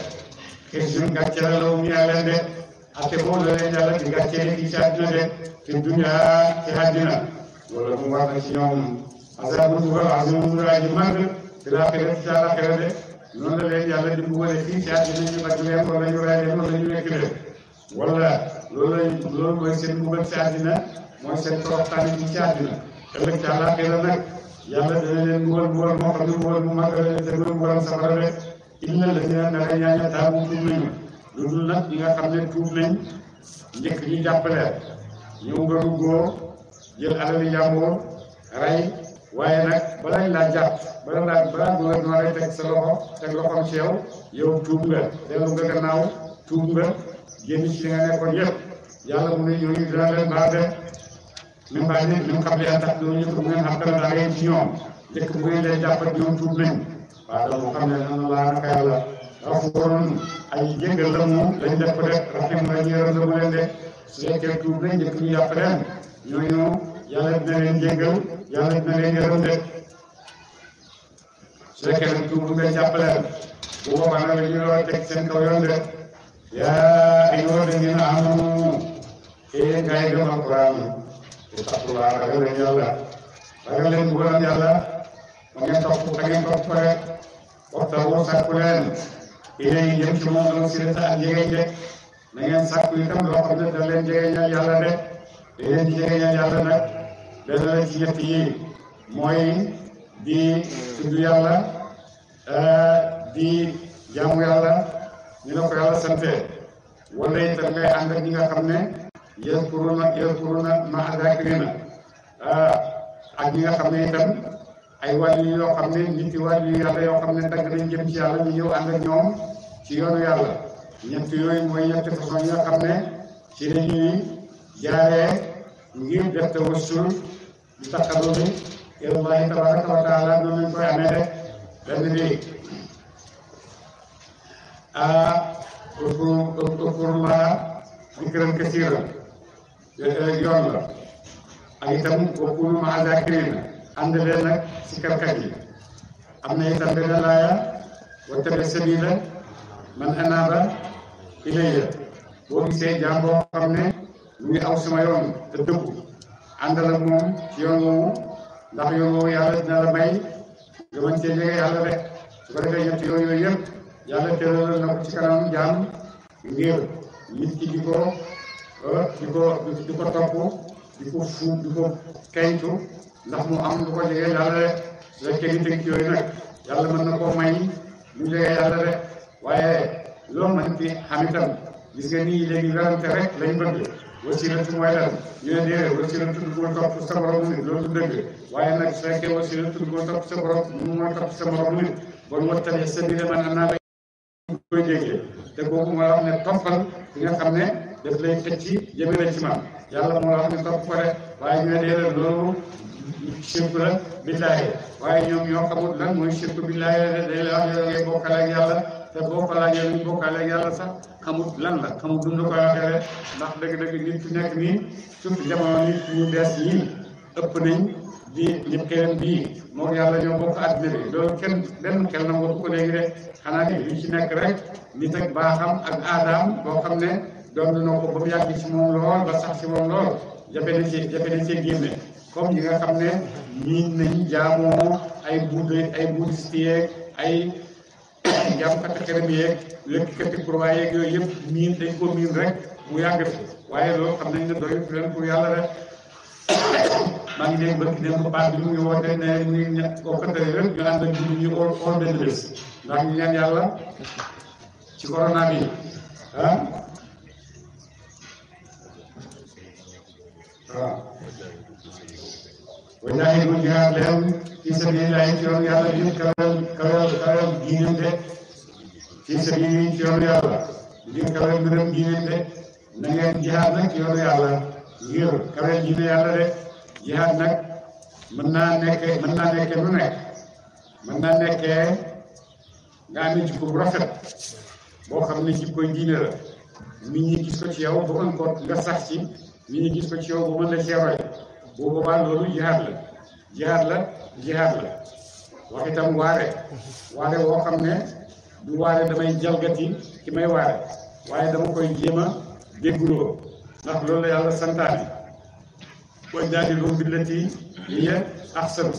Speaker 1: kenn suñu gàcce la la mu yàlla de atte boobu la leen yàlla di gàcce ci àddina de fi dunya ci àddina loolu mu wax ci ñoom azabu mbugal azimu mbugal ji màgg ci laaxira ci laaxira de noonu la leen yàlla di mbugale fii ci àddina ñu dagg leen wala ñu ray leen wala ñu nekk leen wala loolu lañ loolu mooy seen mbugal ci àddina mooy seen toroxtaani ci àddina ëllëg ci laaxira nag yàlla dina leen mbugal mbugal moo xam ne mbugal mu màgg leen te du mbugalam safara rek inna la dina naka ñaane taabu tuub nañu lu dul nag ñi nga xam góor jël alali jàmbur rey waaye nag balañ laa jàpp bala laa balaa gouvernement teg sa loxo teg loxoom ci yow tuub nga dellu nga gannaaw tuub nga génn ci li nga nekkoon yëpp yàlla mu ne yooyu dina leen baal min ba ni min qabli an taqdiru njëkk bu ngeen xam dara da ngeen ci ñoom njëkk bu ngeen lay jàppat ñoom laa naka yàlla rafuurun ko rek rahim la la mu leen de su fekkee tuub nañ njëkk ñu yàpp leen ñooñu yàlla dina leen jéggal yàlla dina leen yërëm de su fekkee nag tuub bu ngeen jàpp leen bu boobaa nag la ñu loo teg seen kaw yoon de yaa ayyuhaa llaziina aamanuu ee gaay taqwa ragal leen yàlla ragal leen mbugalam yàlla da ngeen topp da ngeen topp rek waxtawoo sàkku leen ilay jëm ci moom la seen sa jegeñ de na ngeen sàkku itam loo xam ne da leen jegeñal yàlla de da leen di jegeñal yàlla nag benn la ci yàlla di jaamu yàlla ñu ne ko yàlla sante wala itam ngay nga xam ne yaskuruna yaskuruna maa zaakirina ak ñi nga xam ne itam ay wàllu yoo xam ne nit yi wàllu yoo xam ne dagg nañ jëm ci yàlla ñu ñëw ànd ak ñoom ci yoonu yàlla ñett yooyu mooy ñett façon yi nga xam ne ci la ñuy jaaree ngir def tawassul di taqarru bi ilallahi tabaraka wa taala noonu lañ koy amee rek benn bi ah pour pour pour la dikran kasiran léeg yoon la ak itam bokkul maa zaakiriina ànd leen nag si karkat am na itam benn laaya wattabi sabiila man anaaba ilayya boo gisee jaam boo xam ne mu ngi yoon te dëggu àndal ak moom ci yoon woowu ndax yoon woowu yàlla dina la may nga mën jege yàlla rek su ko defee ñett yooyu yëpp yàlla na ko ci kanam jaam ngir nit ki di Euh, di ko di ko topp di ko fuub di ko kaytu ndax mu am lu ko jege yàlla rek la tegi-teg yooyu nag yàlla mën na koo may mu jege yàlla rek waaye loolu man fi xam itam gis nga nii rek tu mooy lan topp sa borom topp sa borom mu moo topp sa borom nit bon wa tamit sa biir man naa nga wax ne toppal ki nga xam ne daf lay xëcc jëme la ci man yàlla moo wax ne topp ko rek waaye ñoom ñoo xamul lan mooy shirk billaahi la day la wax yow ngay bokkale yàlla te bokkalaaj yow ñu bokkale ak yàlla sax xamul lan la xamul dund ko waxee rek ndax dëgg-dëgg nit nekk nii surtout jamono nit ñu bees ñi ëpp nañ di ñi xelam bii moom yàlla ñoo bokk àddina bi loolu kenn benn xel na nga ko léegi de xanaa ni li ci nekk rek nit ak baaxam ak aadaam boo xam ne doom bi ko ba mu yàgg ci moom lool ba lool jafe na ci comme ñi nga xam ne ñii nañ jaamoo ay buud ay bouddhiste yeeg ay jàmmkati xerem yeeg yooyu yëpp miin dañ ko miin rek mu yàgg fi waaye loolu xam nañ ne doyul leen pour yàlla rek maa ngi dégg ba ki dem ba baat mu ngi woote ne ñu ngi ñett yàlla ci corona bi ah. waaw. wa jaahidu jihaad leen fi sabilillahi ci yoon yàlla bi kawel kawel kawel diineen de fi sabili ci yoon yàlla bi kawel nag ci yàlla ngir kawel diine yàlla de jihaad nag mën naa nekkee mën naa nekkee lu nekk mën naa nekkee nga am jikko bu rafet boo xam ne jikko diine la nit ñi gis ko ci yow ba mën nga sax li ñu gis ko ci yow bu mën na cee roy bu boobaa loolu jihaad la jihaad la jihaad la waare waare woo xam ne du waare damay jalgati ki may waare waaye dama koy jéem a dégguloo ndax loolu la yàlla santaani koy daadi lu billati hiya ahsanu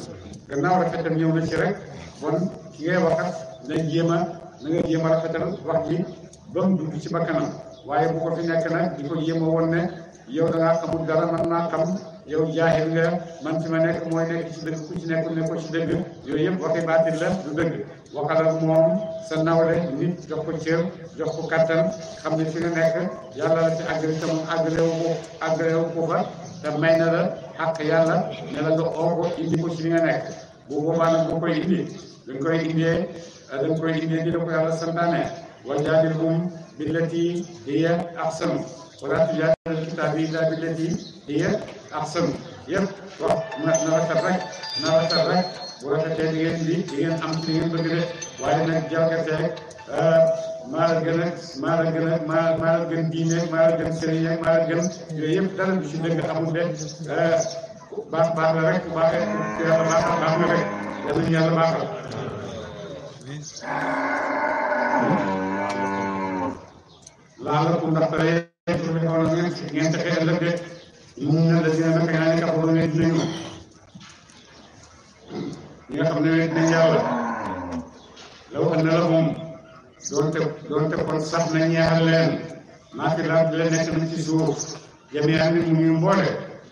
Speaker 1: gannaaw rafetam ñëw na ci rek bon ki ngay waxat na jéem a na a rafetal wax ji ba dugg ci bakkanam waaye bu ko fi nekk nag di ko jéem a won ne yow da ngaa xamul dara man maa xam yow jaahil nga man fi ma nekk mooy nekk ci dëgg ku ci nekkul nekk ko ci dëgg yooyu waxi baatil la du dëgg waxal ak moom sa nawle nit jox ko cër jox ko kattan xam ne fi nga nekk yàlla la ci agri te moom agréwu ko agréwu ko fa la xàq yàlla ne la nga oo indi ko ci li nga nekk bu boobaa nag bu koy indi dañ ah, koy indee di la ko yàlla santaane wa jaadilhum billati hiya ahsanu wala tujaadil kitaab yi illaa billatii hiya ahsan yëpp wax na na rafet rek na rafet rek bu rafetee eh, di ngeen di di ngeen am li ngeen bëgg de waaye nag jalgate rek maa la gën a maa la gën a maa maa la gën diine maa la gën sëriñ ak maa la gën yooyu yëpp dara du si dëgg amul de baax baax la rek baaxee ci yàlla baax baax la rek yàlla ñu yàlla baaxal laala ku ndax alxuraan ñeenti la de ñu ne la dina naka yaa ngi kafaru xam ne wet nañ yàlla law anna lahum doonte sax na ñeexal leen maa fi laaj la nekk na ci suuf jamii'an mi mu ñu mboole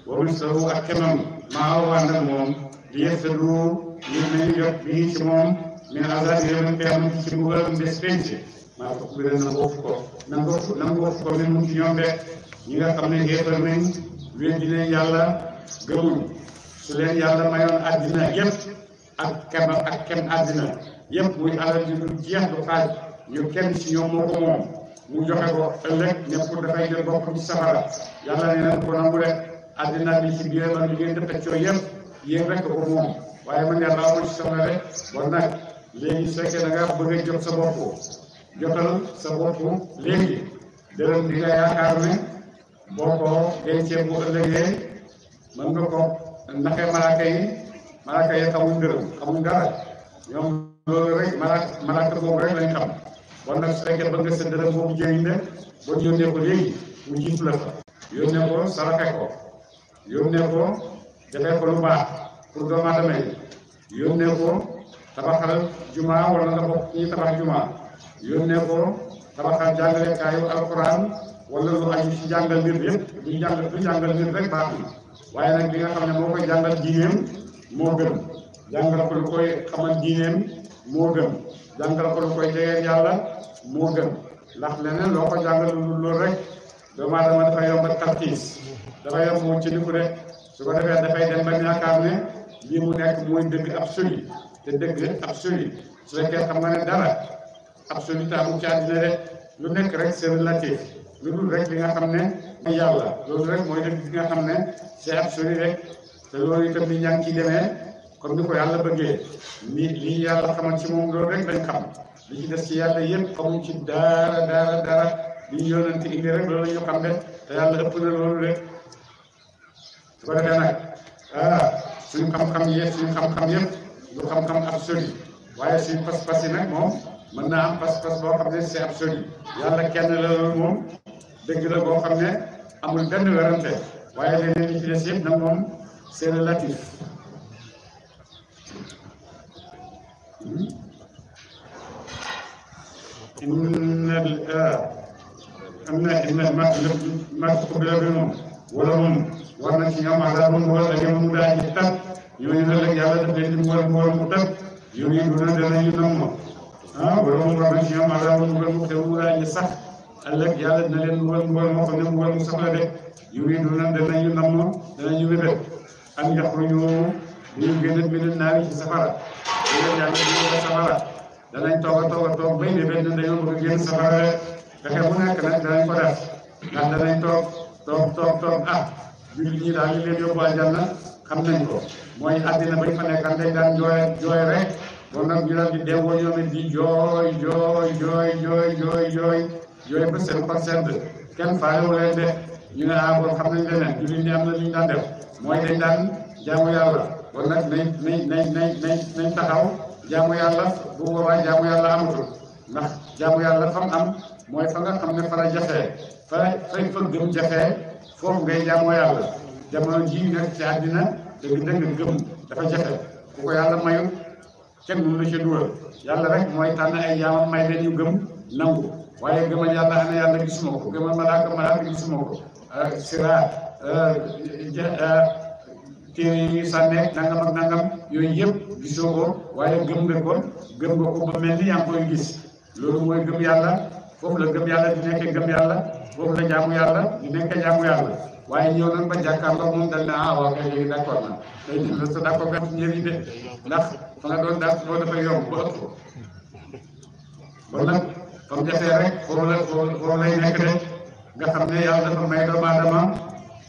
Speaker 1: warul sawu ak kemam maa woo ànd moom li yaftadu ngir nañu jot bi ci moom min azab yawmal qiyaama ci mbugalam bés penc maa ko kubéen nangoo fu ko nangoo ñoom de ñi nga xam ne yéefar nañ weddi leen yàlla gëmuñ su leen yàlla mayoon àddina yëpp ak kem ak kem muy alal ji jeex du xaaj ñu kenn ci ñoom moo ko moom mu joxe ko ëllëg nekkul dafay jël bopp ci safara yàlla nee na ko nangu rek àddina bi ci biir man li ngeen di peccoo yëpp rek ko moom waaye man yàlla amul ci sama rek bon nag léegi su fekkee nga bëgg a jot sa bopp jotal sa bopp léegi dërëm bi nga yaakaar ne boo ko dencee bu ëllëgee mën nga ko naxe malaaka yi malaaka yi xamul dërëm xamul dara ñoom rek malaaka malaaka boobu rek lañ xam kon nag su fekkee bëgg nga sa dërëm boobu jëriñ la boo léegi mu jiitu la fa yónnee ko saraxe ko yónnee ko defee ko lu baax pour doomu aadama yi yónnee ko tabaxal jumaa wala nga bokk ñi tabax jumaa yónnee ko tabaxal jàngalekaayu alquran wala lu aju ci jàngal bi yëpp duñ jàngal du jàngal mbir baax na waaye nag li nga xam ne moo koy jàngal diineem moo gën jàngal koy xamal diineem moo gën jàngal ko loo ko jàngal loolu rek doomu aadama dafay yomb a tartiis dafay yomb mu ci ni rek su ko defee dafay dem ba yaakaar ne lii mu nekk mooy dëgg absolu te dëgg absolu su fekkee xam nga ne dara absolument caadina rek lu nekk rek c'est relatif lu dul rek li nga xam ne mooy yàlla loolu rek mooy def li nga xam ne c'est absolu rek te loolu itam ni ñaa ngi ciy demee comme yàlla bëggee ni lii yàlla xamal ci moom loolu rek lañ xam yàlla yëpp xamuñ ci dara xam ah, xam-xam yëpp xam-xam yëpp lu xam-xam absolu waaye suñu pas-pas yi moom man naa am pas-pas boo xam ne c'est absolu yàlla kenn la moom dëgg la xam ne amul benn werante waaye leneen li ci des yëpp nag moom c'est relatif am na inna ma ma xubla bi moom wala moom war na ci ñoom azabun wala da ngeen mu daa ji tag ñooñu nag yàlla daf leen di mbool mu tag yooyu duna danañu nam moom ah wala mu war a ñëw maanaam mu war a mu xew wala sax ëllëg yàlla dina leen mbugal mbugal moo xam ne mbugal mu soxla de yu wiy dund danañu namm danañu bébét ak njax lu ñu ñu génne bi leen naawi ci safara safara danañ toog a toog a toog bay bébét ne dañoo bëgg génn safara rek danañ ko def ndax danañ toog toog toog toog ah jullit ñi daal ñu leen xam nañ ko mooy àddina bañ fa nekkan dañ daan jooy jooy rek. nag e e e na daal di deewoo ñoom it di jooy jooy jooy jooy jooy jooy ba seen xol sedd kenn faalewu leen de ñu ne ah bon xam nañ na lu ñu daan def mooy dañ daan jaamu yàlla kon nag nañ nañ nañ nañ yàlla bu boobaa ndax jaamu yàlla fam am mooy fa nga xam ne fa la jafee fa fa gëm jafee foofu ngay jaamoo yàlla jamono ji nag ci àddina dëgg-dëgg gëm dafa jafe ku ko yàlla mayut kenn mënu ci dugal yàlla rek mooy tànn ay yaamam may leen yu gëm nangu waaye gëmal yàlla ana yàlla gisuma ko gëmal malaaka malaaka gisuma ko euh, siraat euh, euh, téere yi ñuy sànneeg nangam ak nangam yooyu yëpp gisoo ko waaye gëm nga ko gëm nga ko ba mel ni yaa ngi koy gis loolu mooy gëm yàlla foofu la gëm yàlla di nekk gëm yàlla foofu la jaamu yàlla di nekk jaamu yàlla waaye ñëw nañ ba jàkkaarloo moom dañ ne ah waaw kay léegi d'accord na tey jii sa d'accord nga njëriñ de ndax fa a doon daal loolu dafay yomb ba ëpp kon nag comme rek foofu la foofu lay rek nga ne yàlla dafa may doomu aadama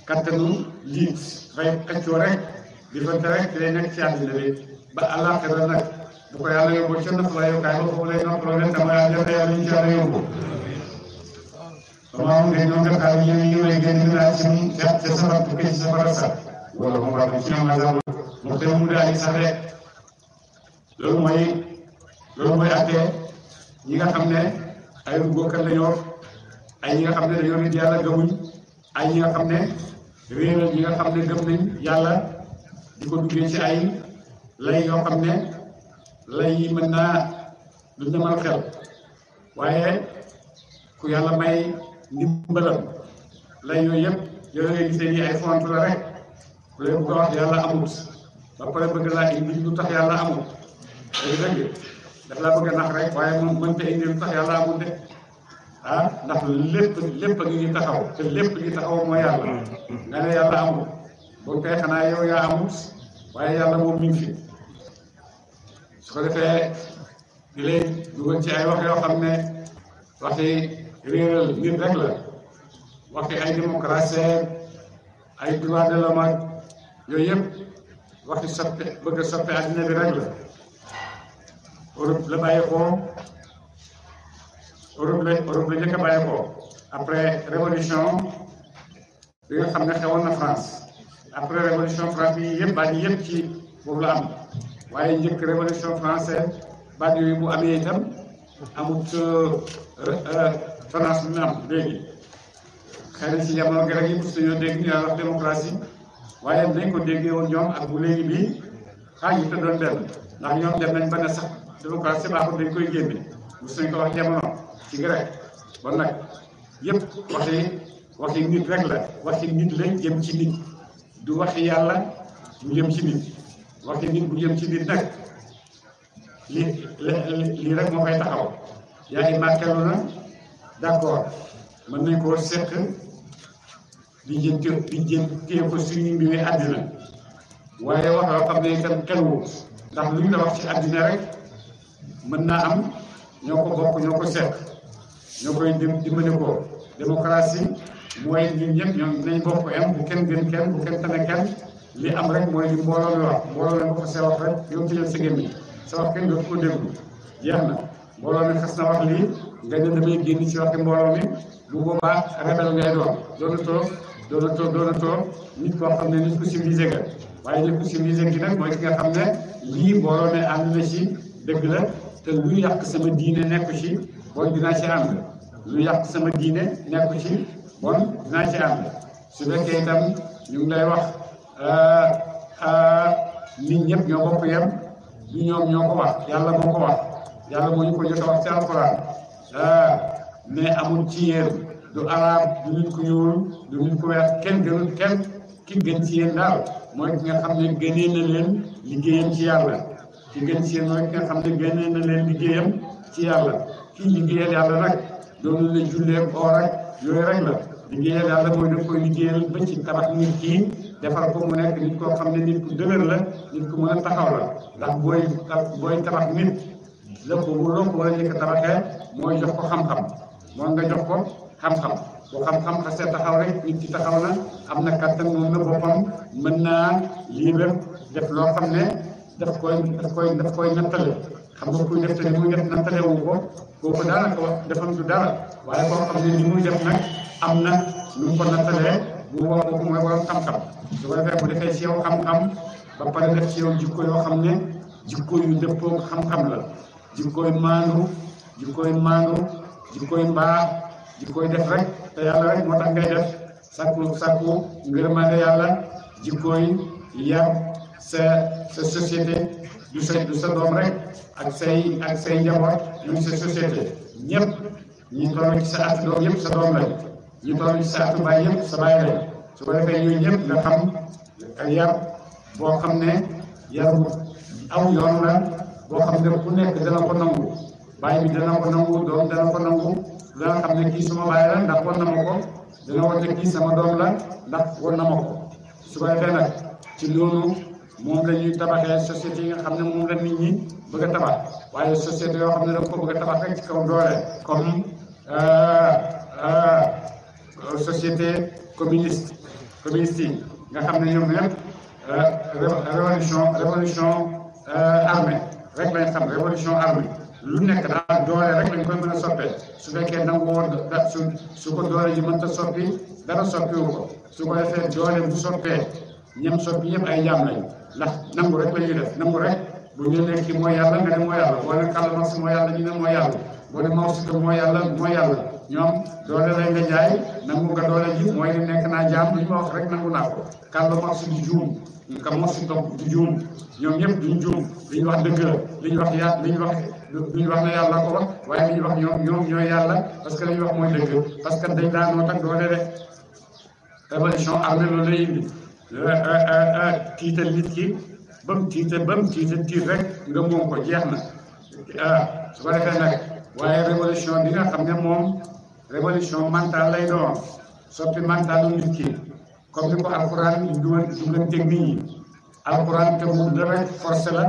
Speaker 1: kattanu liit dafay xëccoo rek di rek di lay nekk ci àddina bi ba àllaaxira nag bu ko yàlla yóbbu ca na fa la yokkaay ba foofu lay noppaloo leen dama yàlla jafe ñu ci yàlla yóbbu sama am nga ñoo nga xam ne ñu lay génn mu gàtt sa sabab bu ci safara sax wala mu mu dem mu daal di sax rek loolu mooy loolu ñi nga xam ne ay bokkat lañoo ay ñi nga xam ne dañoo nit yàlla gëmuñ ay ñi nga xam ne réeral ñi yàlla di ko duggee ci ay lay yoo xam ne lay yi mën naa du ñamal xel waaye ku yàlla may ndimbalam lay yooyu yëpp yooyu ngay gisee nii ay font la rek ku leen bëgg a wax yàlla amut ba pare bëgg laa indi lu tax yàlla amut dëgg daf laa bëgg a nax rek waaye moom mënta indil sax yàlla amul de ah ndax lépp lépp a ngi taxaw te lépp li taxaw mooy yàlla nga ne xanaa yow yaa waaye yàlla moom mi ngi defee di lay dugal ci ay wax ne waxi réeral nit rek la waxi ay démocratie ay droit de l'homme yooyu yëpp waxi soppe bëgg a soppe addina Europe la bàyyeekoo Europe la Europe njëkk a bàyyeekoo après révolution nga xam ne xewoon na France après révolution France bi yëpp baat yëpp ci boobu la am waaye njëkk révolution française baat yooyu bu amee itam amut tendance euh, euh, bi ñu am léegi xëy na si jamono gi rek yi mos nañoo dégg ñu naan démocratie waaye nañ ko déggee woon ñoom ak bu léegi bii xaaj yu te doon benn ndax ñoom dem nañ ba ne sax. su ma ko sebaaxul dañ koy génne mos nañ ko wax jamono ci grec bon nag yëpp waxi waxi nit rek la waxi nit lañ jëm ci nit du waxi yàlla mu jëm ci nit waxi nit bu jëm ci nit nag li lii rek moo koy taxaw yaa ngi màkkelu na d'accord mën nañ koo seq di jëm di jëm téye ko suñu mbiri àddina waaye wax loo xam ne itam xel ndax lu ñu la wax ci àddina rek mën naa am ñoo ko bokk ñoo ko seq ñoo koy dimbali ko démocratie mooy ñun ñëpp ñoom nañ bokk am bu kenn gën kenn bu kenn tane kenn sa gémmiñ sa wax kenn dootu ko déglu jeex na mbooloo mi na wax lii nga damay génn ci waxi mbooloo mi lu boobaa rebel ngay doon doona toog doona nit koo xam ne nit ku civilisé nga waaye nit ku civilisé gi nag mooy ki nga xam ne lii mbooloo mi ànd na ci dëgg la te lu yàq sama diine nekku ci bon dinaa ci ànd lu yàq sama diine nekku ci bon dinaa ci ànd su fekkee itam ñu ngi lay wax euh, nit ñëpp ñoo bokk yem du ñoom ñoo ko wax yàlla moo ko wax yàlla moo ñu ko jot a wax ci alquran euh, mais amul ci yéen du arab du nit ku ñuul du nit ku weex kenn gënul kenn ki gën ci yéen daal mooy ki nga xam ne gënee na leen liggéeyam ci yàlla ci ngeen seen rek nga xam ne génnee na leen liggéeyam ci yàlla kii liggéeyal yàlla rek loolu la jullee ko rek yooyu rek la liggéeyal yàlla mooy daf koy liggéeyal ba tabax nit kii defar ko mu nekk nit koo xam ne nit ku dëgër la nit ku mën a taxaw la ndax booy booy tabax nit la ko loo ko a njëkk a tabaxee mooy jox ko xam-xam mooy nga jox ko xam-xam bu xam-xam xasee taxaw rek nit taxaw na am na kattan moom na boppam mën naa lii def loo xam ne daf koy daf koy daf nattale xam nga kuy nattale muy def nattale wu ko kooku daanaka wax defantu dara waaye koo xam ne li muy def nag am na lu mu ko nattalee bu wax kooku mooy xam ko defee bu defee ci yow xam-xam ne jikko yu xam-xam la jikkoy maandu jikkoy maandu jikkoy mbaax jikkoy def rek te yàlla rek moo tax ngay def sakku sakku ngërëmaande yàlla jikkoy yar sa sa société du sa doom rek ak say ak say njaboot ñu sa société ñëpp ñi toll ci sa at doom yëpp sa doom lañ ñu toll ci sa at baay yëpp sa baay lañ su ko defee ñooñu ñëpp nga xam ak boo xam ne yar yoon la boo xam ne kii sama baay la ndax war na ma ko dana war kii sama doom la ndax war na ko su ko defee nag ci loolu. moom la ñuy tabaxee société yi nga xam ne moom la nit ñi bëgg a tabax waaye société yoo xam ne dafa ko bëgg a tabax rek ci kaw doole comme euh, euh, société communiste communiste yi xam ne ñoom ñëpp euh, lañ xam révolution armée lu nekk daal doole rek lañ koy mën a soppee su fekkee nangu woon da su su ko doole ji mën soppi dara soppiwu ko su ko defee doole bu soppee ñëpp soppi ñëpp ay jaam lañ ndax nangu rek la ñuy def nangu rek bu ñu nekk ci mooy yàlla nga ne mooy yàlla boo ne kàlla max mooy yàlla ñu ne mooy yàlla ñoom doole lay nga jaay nangu nga doole ji mooy ne nekk naa jaam lu ñu wax rek nangu naa ko kàlla max du juum ka max topp du juum ñoom ñëpp duñ juum li wax dëgg la li ñu wax ya wax duñu wax ne yàlla ko waaye li wax ñoom ñoom yàlla parce que li wax mooy dëgg parce que dañ daanoo tak doole rek Eh, eh, eh, tiital nit ki ba mu tiital ba mu tiital tiit rek nga moom ko jeex na ah su ko waaye révolution bi nga xam ne moom révolution mentale lay doon soppi mentalu nit ki comme ni ko alxuraan dugal dugal teg alxuraan te mu dara forcé la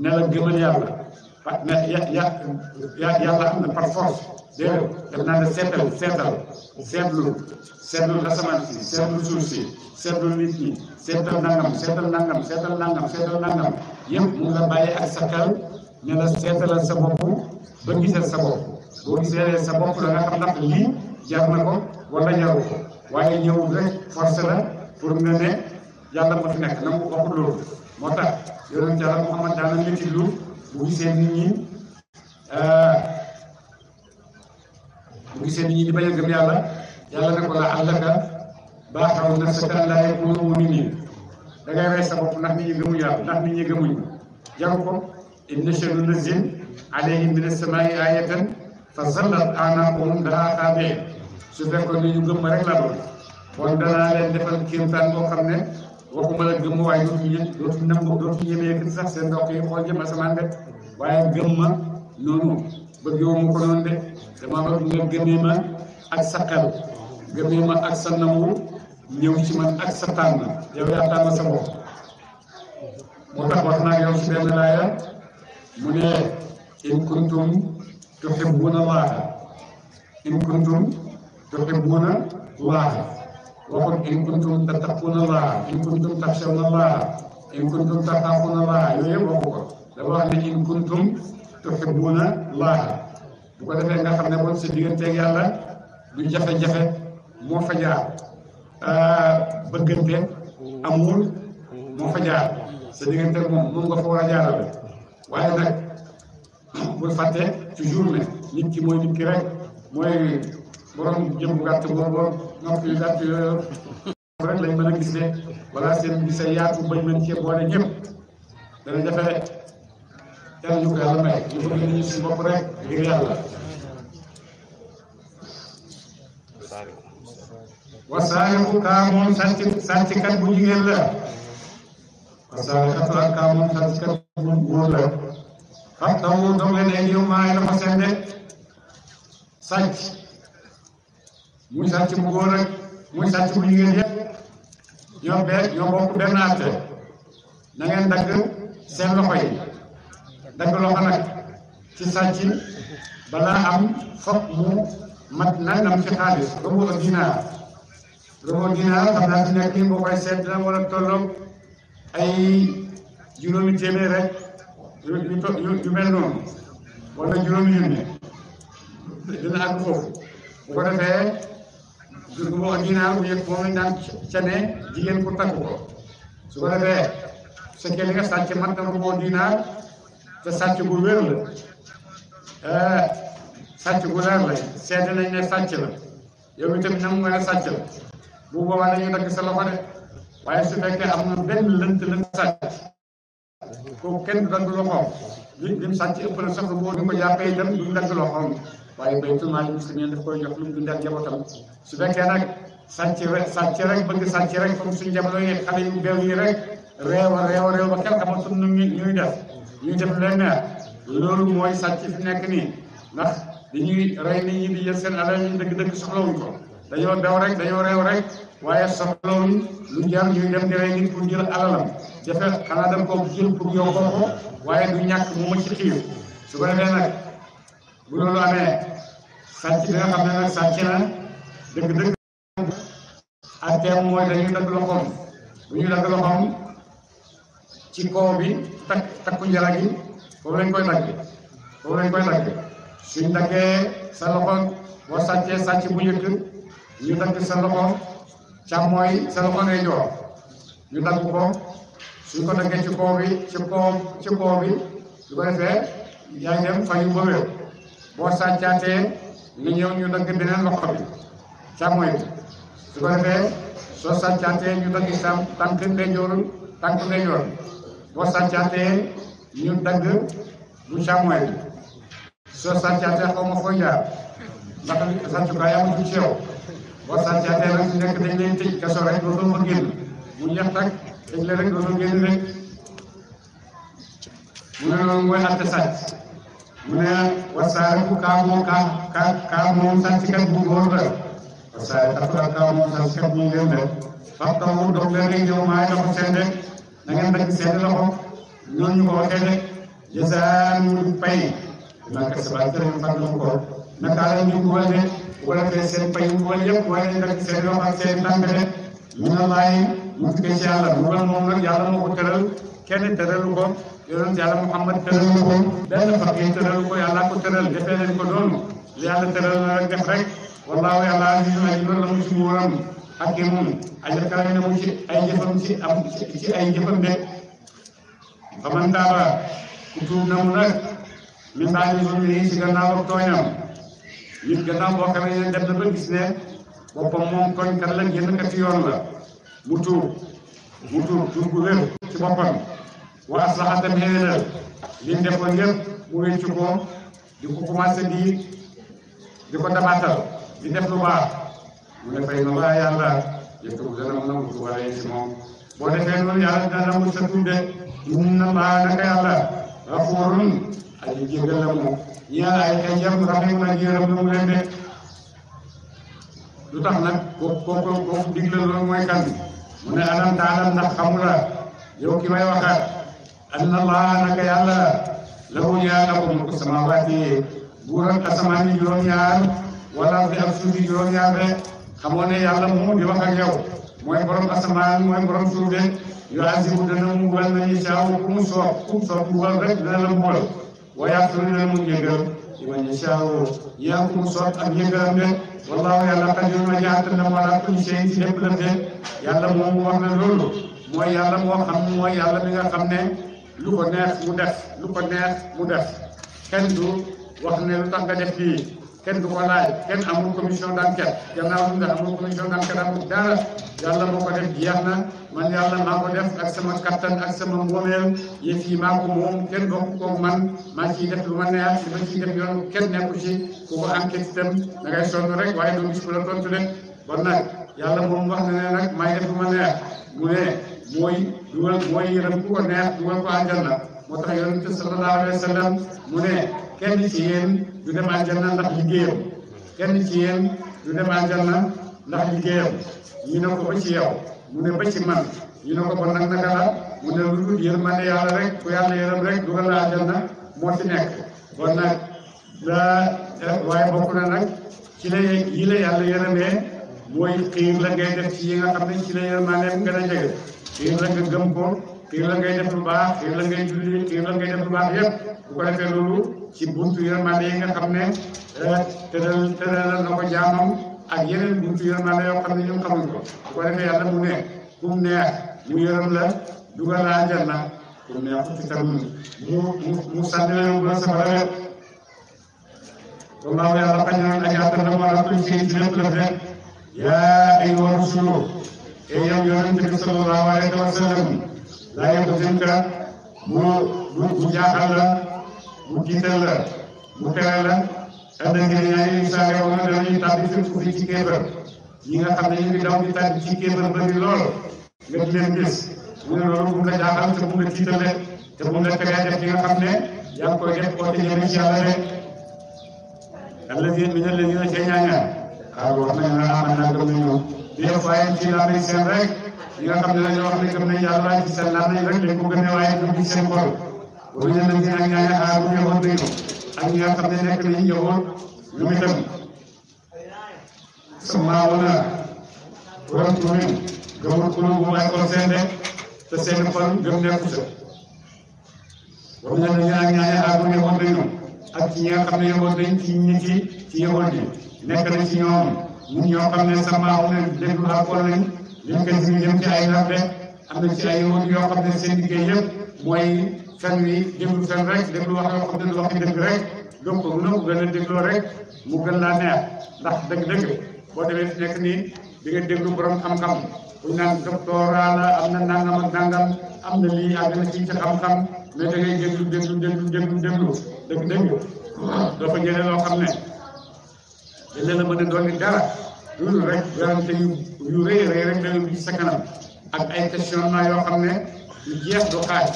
Speaker 1: ne la gëmal yàlla na ya am na par force dégg nga def naa ne seetal seetal seetlu seetlu asamaan si seetlu suuf si seetlu nit ñi seetal nangam seetal nangam seetal nangam seetal nangam mu nga bàyyi ak sa xel ne la seetalal sa bopp ba gisal sa boo gisee sa bopp da nga xam lii jar na ko wala jaru waaye ñëwul rek force la pour nga ne yàlla moo fi nekk na mu waxul loolu moo tax yonent yàlla Muhammad daana métti lu bu gisee nit ñi bu euh, gisee nit ñi di bañ a gëm yàlla yàlla ne ko la àllaka baaxaw nafsaka allaa yakuunu mu'miniin da ngay rey sa bopp ndax nit ñi gëmuñu yàlla ndax nit ñi gëmuñu jaru ko in nasha'u nunzil alayhim mina samaa'i aayatan fa zallat a'naaquhum lahaa xaabi'iin su fekkoon ne ñu gëm rek la doon kon danaa leen defal kéemtaan boo xam ne waxuma la gëm waaye dootuñu yëg dootuñu nangu dootuñu yemee gën sax seen mbokk yi xool jëm asamaan de waaye gëm noonu bëgg yow mu ko noonu de dama bëgg nga gëmee ak sa xel gëmee ak sa nangu ñëw ci man ak sa tànn yow yaa tànn sa moo tax wax naa yow si mu ne in kuntum tuhibbuna Allaha in kuntum tuhibbuna Allaha waxut in kuntum tattaquuna allah in kuntum taxshawna allah in yooyu yëpp ko dafa nga xam ne bon sa yàlla du jafe-jafe moo fa jaar euh, bëggante amul moo fa jaar sa nga fa war a jaarale waaye nag bul fàtte toujours ne nit ki mooy nit rek mooy borom jëm gàtt boobu nopp yi gàtt yooyu rek lañ mën a gisee wala seen gisee yaatu bañ mën cee boole ñëpp dana jafe yàlla ñu ko yàlla may ñu bëgg nañu si bopp rek ngir yàlla wasaariqu kaamoon sàcc sàcckat bu jigéen la wasaariqatu ak kaamoon sàcckat bu góor la xam taw dog leen ay yow maa ngi dafa seen de sàcc muy sàcc bu góor ak muy sàcc bu jigéen yëpp ñoo benn àtte na dagg seen loxo yi dagg loxo nag ci sàcc balaa am foog mu mat nangam ci xaalis dinaar rëboo dinaar xam naa fi nekk nii boo seet dina war a tolloog ay juróomi téeméer rek yu yu yu mel wala juróomi junni dina ak foofu bu ko defee. surtout bu original bu yëg moom lañ daan cane jigéen pour takk ko su ko defee su fekkee li nga sàcc mat na ruboo dinaar te sàcc bu wér la eh, sàcc bu leer la seede nañ ne sàcc la yow itam nam nga ne la bu boobaa dañuy dagg sa loxo de waaye su fekkee am na benn lënt lënt sàcc kooku kenn du dagg loxoom li lim sàcc ëpp na sax ruboo di ko jàppee itam duñ dagg loxoom waaye baytul maal muslimin daf koy jox lu mu dund su fekkee nag sàcc rek sàcc rek bëgg sàcc rek comme suñu jamono yi xale yu beew yi rek a a réew ba kenn xamatul nu ñuy def ñuy def leen loolu mooy sàcc fi nekk nii ndax dañuy rey nit ñi di jël seen alal yi dëgg-dëgg soxlawuñ ko dañoo beew rek dañoo réew rek waaye pour jël alalam jafe xanaa dem ko jël pour yow waaye du ñàkk mu ci xiir su ko nag bu loolu amee sàcc bi nga xam ne nag sàcc na dëgg-dëgg atteem mooy dañuy dagg loxoom bu ñu dagg loxoom ci kaw bi takk takku njara foofu lañ koy dagg foofu lañ koy dagg suñ sa loxo boo sàccee sàcc bu njëkk ñu dagg sa loxo càmmooy sa loxo ngay ñu dagg ko suñ ko daggee ci kaw bi ci kaw ci kaw bi su ko defee dem fayu ba wéew boo sàccaatee nga ñëw ñu dagg beneen loxo bi càmmoñ bi su ko defee soo sàccaatee ñu dagg sam tànk soo sàccaatee xaw ma ndax sàccukaay amatul ci yow boo sàccaatee nag su nekk dañ lay tëj kaso rek dootoo fa génn mu jeex tak tëj la rek dootoo génn rek mu ne loolu mooy àtte sàcc mu ne wasaare ku kaa moom kaa kaa kaa moom sàcckat bu góor la wasaare takula kaa moom sàcckat bu ngeen de fab taw doog leen rek yow maay loxo seen rek na ngeen dagg seen loxo ñooñu ko waxee rek jasaan mu pay dinaa ko sabal jërëm fan la ko naka la ñu dugal de bu ko defee seen pay dugal yëpp waaye dañu dagg seen loxo ak seen tànk de ñu ne laay mu tukkee ci yàlla dugal moom nag yàlla moo ko tëral kenn tëralu ko yonent yàlla Muhammad tëral ko benn ko yàlla ko tëral ko doonu li yàlla tëral la rek def rek wallaahu yàlla aziizun hakiim la muy suñu woram ak moom aja kawe na mu ci ay jëfam de faman taaba ku tuub na mu nag min ba'di zulmihi ci gannaaw ak tooñam nit gannaaw boo xamee ne dem na ba ne boppam moom tooñkat la génn kat yoon la mu tuub mu tuub ci boppam wa aslaha tam xëy na li ñu defoon yëpp ko di ko commencé di di ko dabaatal di def lu baax mu ne fay na waa yàlla yëpp dana mën a wut si moom boo defee loolu yàlla dana mën sa tunde inna laa naka yàlla rafuurun aji jéggal la mu yàlla ay ay yam raxiim na yërëm mu leen de tax nag kooku kooku kooku digle loolu mooy kan mu ne alam taalam ndax xamula yow ki may an allah naka yàlla lahu ñaar na ko mulku samawaati buuram asamaan yi juróom-ñaar wala fi am suuf yi juróom-ñaar de xamoo ne yàlla moom di wax ak yow mooy borom asamaan mooy borom suuf de yu asibu dana mu wal na ñu saaw ku soob ku soob mu wal rek dana la mu wal waaye ak suñu dana mu njëgal yàlla xajoon na ñaata na wala kulli shay si lépp la de yàlla moom wax na loolu mooy yàlla moo xam mooy yàlla mi xam ne lu ko neex mu def lu ko neex mu def kenn du wax ne lu tax nga def lii kenn du ko laaj kenn amul commission d'enquête gannaaw ñu nga amul commission d'enquête amul dara yàlla moo ko def jeex na man yàlla maa ko def ak sama kattan ak sama moomeel yëf yi maa ko moom kenn bokk ko man maa ciy def lu ma neex li ma ciy def yoon kenn nekku ci ku ko enquête itam da ngay rek waaye doo gis ku la tontu de bon nag yàlla moom wax na ne nag maay def lu ma neex mu ne mooy dugal mooy yërëm ku ko neex dugal ko àjjana moo tax yonent bi mu ne kenn ci yéen du dem àjjana ndax liggéeyam kenn ci yéen du dem àjjana ndax liggéeyam ñu ne ko ba ci mu ne ba man ñu ne ko ba nag naka la mu ne lu dul yërmande yàlla rek ku yàlla yërëm rek dugal la àjjana moo ci nekk kon nag la eh, waaye bokk na nag ci la yi la yàlla yërëmee mooy xiir la ngay def ci yi nga ne ci la yërmandeem gën a jege xiir la nga gëm ko xiir la ngay def lu baax xiir la ngay julli xiir la ngay def lu baax yëpp bu ko defee loolu ci buntu yërmande yi nga xam ne eh, tëral tëralal na ko jaamam ak yeneen buntu yërmande yoo xam ne ñun xamuñ ko bu ko defee yàlla mu ne ku mu neex mu yërëm la dugal la àjjana ku mu neex ci tam mu mu mu sànni la yow ba safara rek wallaahu yàlla xañ na ak yàlla na ma la tuñ ci lépp la rek yaa ay wa rusulu te yow yonent bi sallallahu alayhi wa sallam laa yahzunka la mu mu jaaxal la mu tiital la mu teral la te ngeen ñaari saa yoo xam ne dañuy tàbbi fépp fii ci kéefar nga di lool nga di leen gis mu loolu bu la jaaxal te bu la tiital rek te bu la teree def nga xam ne yaa ngi koy def koo te jëme ci yàlla rek allaziina minal laziina shay'an xaaral wax nañu ne ah man laa gëm nañu di def waaye ci làmmiñ seen rek ñi xam ne wax ne gëm nañu yàlla ci seen làmmiñ rek lañ ñu ak ñi xam ne nekk nañu ñëwoon lu mu dem sama wala borom tuuti gëmul kulu bu may ko seen rek te seen xol gëm nekku sa wala ñu ne ñaari aar bu ñëwoon dëgg ak ñi xam ne ñëwoon dañ ci ñi ci ci ñëwoon di nekk ñun ñoo xam ne sambaaw lañ déglu alxuraan lañ liñ ko si jëm ci ay rab rek am na ci ay yoon yoo xam ne seen liggéey fen wi déglu fen rek déglu wax yoo xam ne wax dëgg rek gëm a gën mu gën laa neex ndax dëgg-dëgg boo demee fi nekk nii di nga déglu borom xam-xam bu ñu naan am na nangam a nangam am na lii àgg na ci ca xam-xam mais da ngay déglu déglu déglu déglu déglu dëgg-dëgg dafa jëlee loo xam ne. te leen a mën a dolli dara loolu rek werante yu rëy rek dana dugg sa ak ay questionnement yoo xam ne lu jeex du xaaj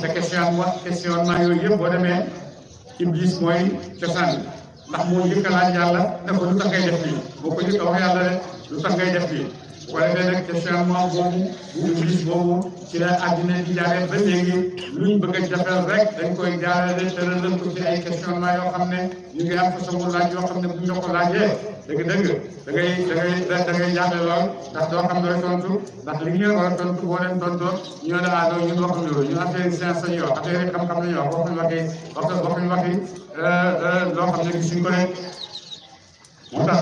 Speaker 1: te question wax questionnement yooyu yëpp boo demee iblis mooy cosaan ndax moo njëkk a laaj yàlla dafa lu tax ngay def lii boo ko njëkk a wax yàlla rek lu tax ngay def lii waaye nag te seen moom boobu bu iblis boobu ci la àddina di jaaree ba léegi luñ bëgg a jafeel rek dañ koy jaarale tëralal ko ci ay questionnement yoo xam ne ñu ngi am façon laaj yoo xam ne bu ñu la ko laajee dëgg-dëgg da ngay da ngay da ngay jaaxle lool ndax doo xam ne tontu ndax li ngeen war a tontu boo leen tontoo ñu ne la ah ñun waxuñu loolu ñun affaire science la ñu wax affaire xam-xam la ñu wax waxuñu waxi waxuñu waxi euh, euh, loo xam ne gisuñ ko rek moo tax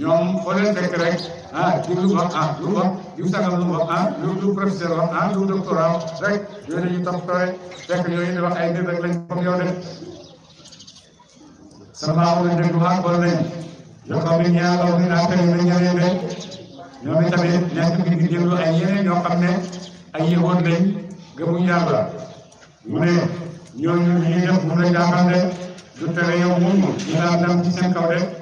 Speaker 1: ñoom foo leen fekk rek. ah kii lu mu wax ah lu mu wax jiw sangam lu mu wax ah, ah lu lu professeur wax ah lu doctorat wax rek yooyu dañuy topp tooy fekk yooyu ne wax ay bébé lañ comme yow def sama aw la déglu ah bon lañ yoo xam ne ñaar aw nañ ah kañ lañ ñëwee rek ñoom itamit nekk ngi di déglu ay yeneen yoo xam ne ay yëngoon lañ gëmuñ yàlla mu ne ñooñu ñuy def mu ne jaaxal de du tere yow moomu ñu daan dem ci seen kaw de.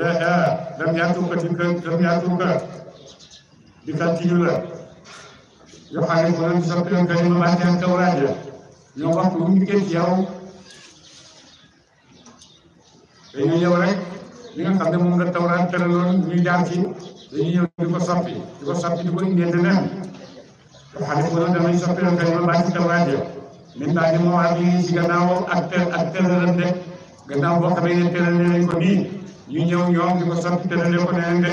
Speaker 1: Raha lam yatuka timkan lam yatuka dikatiyula yuharifuna bisabqin kalimati an tawraja ñoom waxtu ñu gën ci yow dañuy ñëw rek li nga xam moom nga tawraat tëraloon ñuy jaar ci dañuy ñëw di ko soppi di ko soppi di ko indee leneen yuharifuna danañ soppi lan kalimati an tawraja min daal di moo am yi ci gannaaw ak tër ak tëralante gannaaw boo xamee ne tëral nañ ko nii ñu ñëw ñoom di ko sant te dañu ko neen de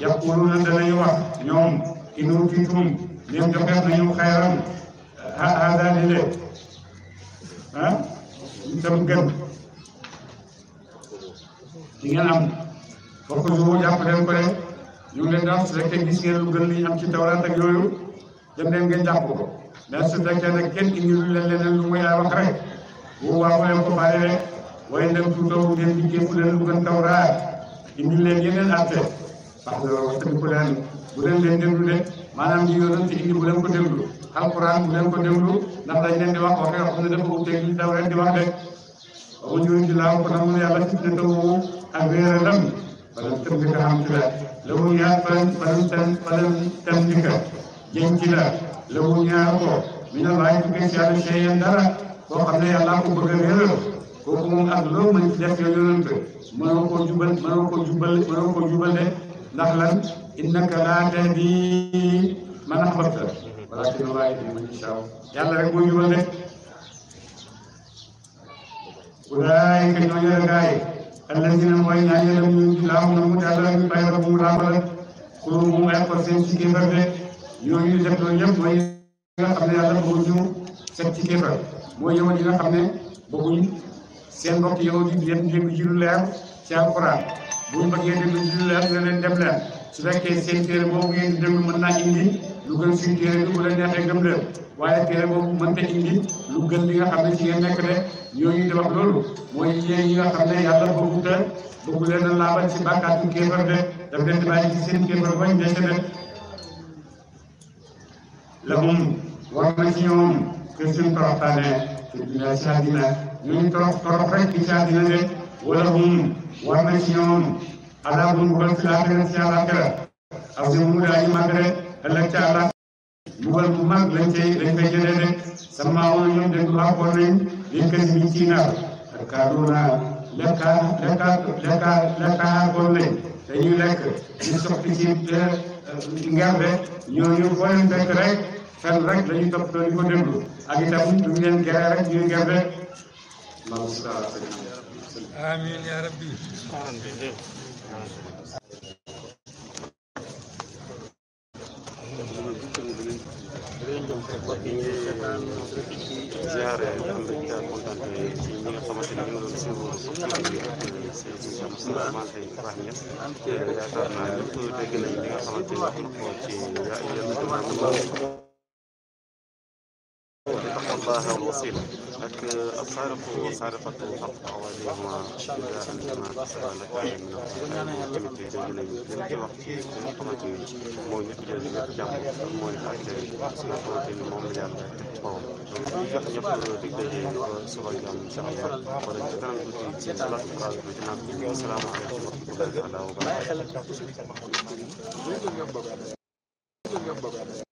Speaker 1: yaquluna danañu wax ñoom in utiitum ñoom joxeef nañu xayran haadaa li le ah itam gën di ngeen am foofu ñu jàpp leen ko de ñu ngi leen di wax ñu am ci tawraat ak yooyu dem wax rek bu waaw leen ko bàyyi rek. waaye dem tuutoo ngeen di génn leen lu gën tawraat indi leen yeneen atte wax dëgg waxtaan ko daan bu leen leen déglu de maanaam li yonent indi bu leen ko déglu alquran bu leen ko déglu ndax dañ leen di wax waxee wax ne dafa uteeg li daw leen di wax de waxu ñu ci laaw ko namul yàlla ci ne tawu ak weeralam balam tëm dika xam ci la lawu yaa ci la lawu ko mi ne laay tukkee ci yàlla dara boo xam ne yàlla ko bëgg a réeral kooku moom ak loo mën def yow yonent mënoo koo jubal mënoo koo jubal mënoo koo jubal de ndax lan innaka laa tahdii man ahbabta walaakinna llaaha yahdii man yashaa yàlla rek mooy jubal de ulaa'ika ñooñu la gaay allaziina mooy ñaa ñu dem ñu laaw na mu yàlla ñu bàyyi ko bu mu laaw la xuluubuhum ay xol seen ci kéefar de ñooñu ñu def loolu yëpp mooy nga xam ne yàlla bëgguñu set ci kéefar mooy yow yi nga xam ne bëgguñu seen mbokk yow di yéen déglu ci lu leer ci alxuraan bu ñu bëggee déglu ci lu leer nga leen dem leen su fekkee seen téere boobu ngeen di déglu mën naa indi lu gën suñu téere bi bu la neexee gëm leen waaye téere boobu mën ta indi lu gën li nga xam ne ci ngeen nekk de ñooñu di wax loolu mooy yéen ñi nga xam ne yàlla bëggu te bëggu leen a laabal ci bàkkaatu kéefar de daf leen di bàyyi ci seen kéefar bañ nekk de la moom war na ci ñoom que suñu toroxtaane te dina ci àddina ñun torox torox rek ci saa dina nekk wala hum war na ci ñoom alaabun mbugal fi laaxira ci àllaaxira ak si mu daal di màgg rek ëllëg ca àllaaxira mbugal bu mag lañ rek sama woon ñoom dañ ko àppoon nañ liñ kës biñ lekka lekka lekka lekka àppoon nañ dañuy lekk ñu soppi ci ngerde ñooñu foo leen fekk rek fen rek lañuy topp doon ñu ko ñu leen gere rek ñuy ngerde اللهم صل على سيدنا محمد امين nañu ni ñoo ko ci yàlla tabaaraka wa taala لك السارق والسارقة فقط أولهما جزاء بما لك من الظلم tamit jënd nañu li ñu wax ci li nga xamante ni mooy ñëpp jël li nga jàmm mooy àtte li nga xamante ni moom la yàlla teg ci kawam donc ñu jox ñëpp dig daje ñu ko suba jàmm incha allah wala ci kanam tuuti ci salaat phrase bi ci naan bi salaamaaleykum wa rahmatulah wa barakaatu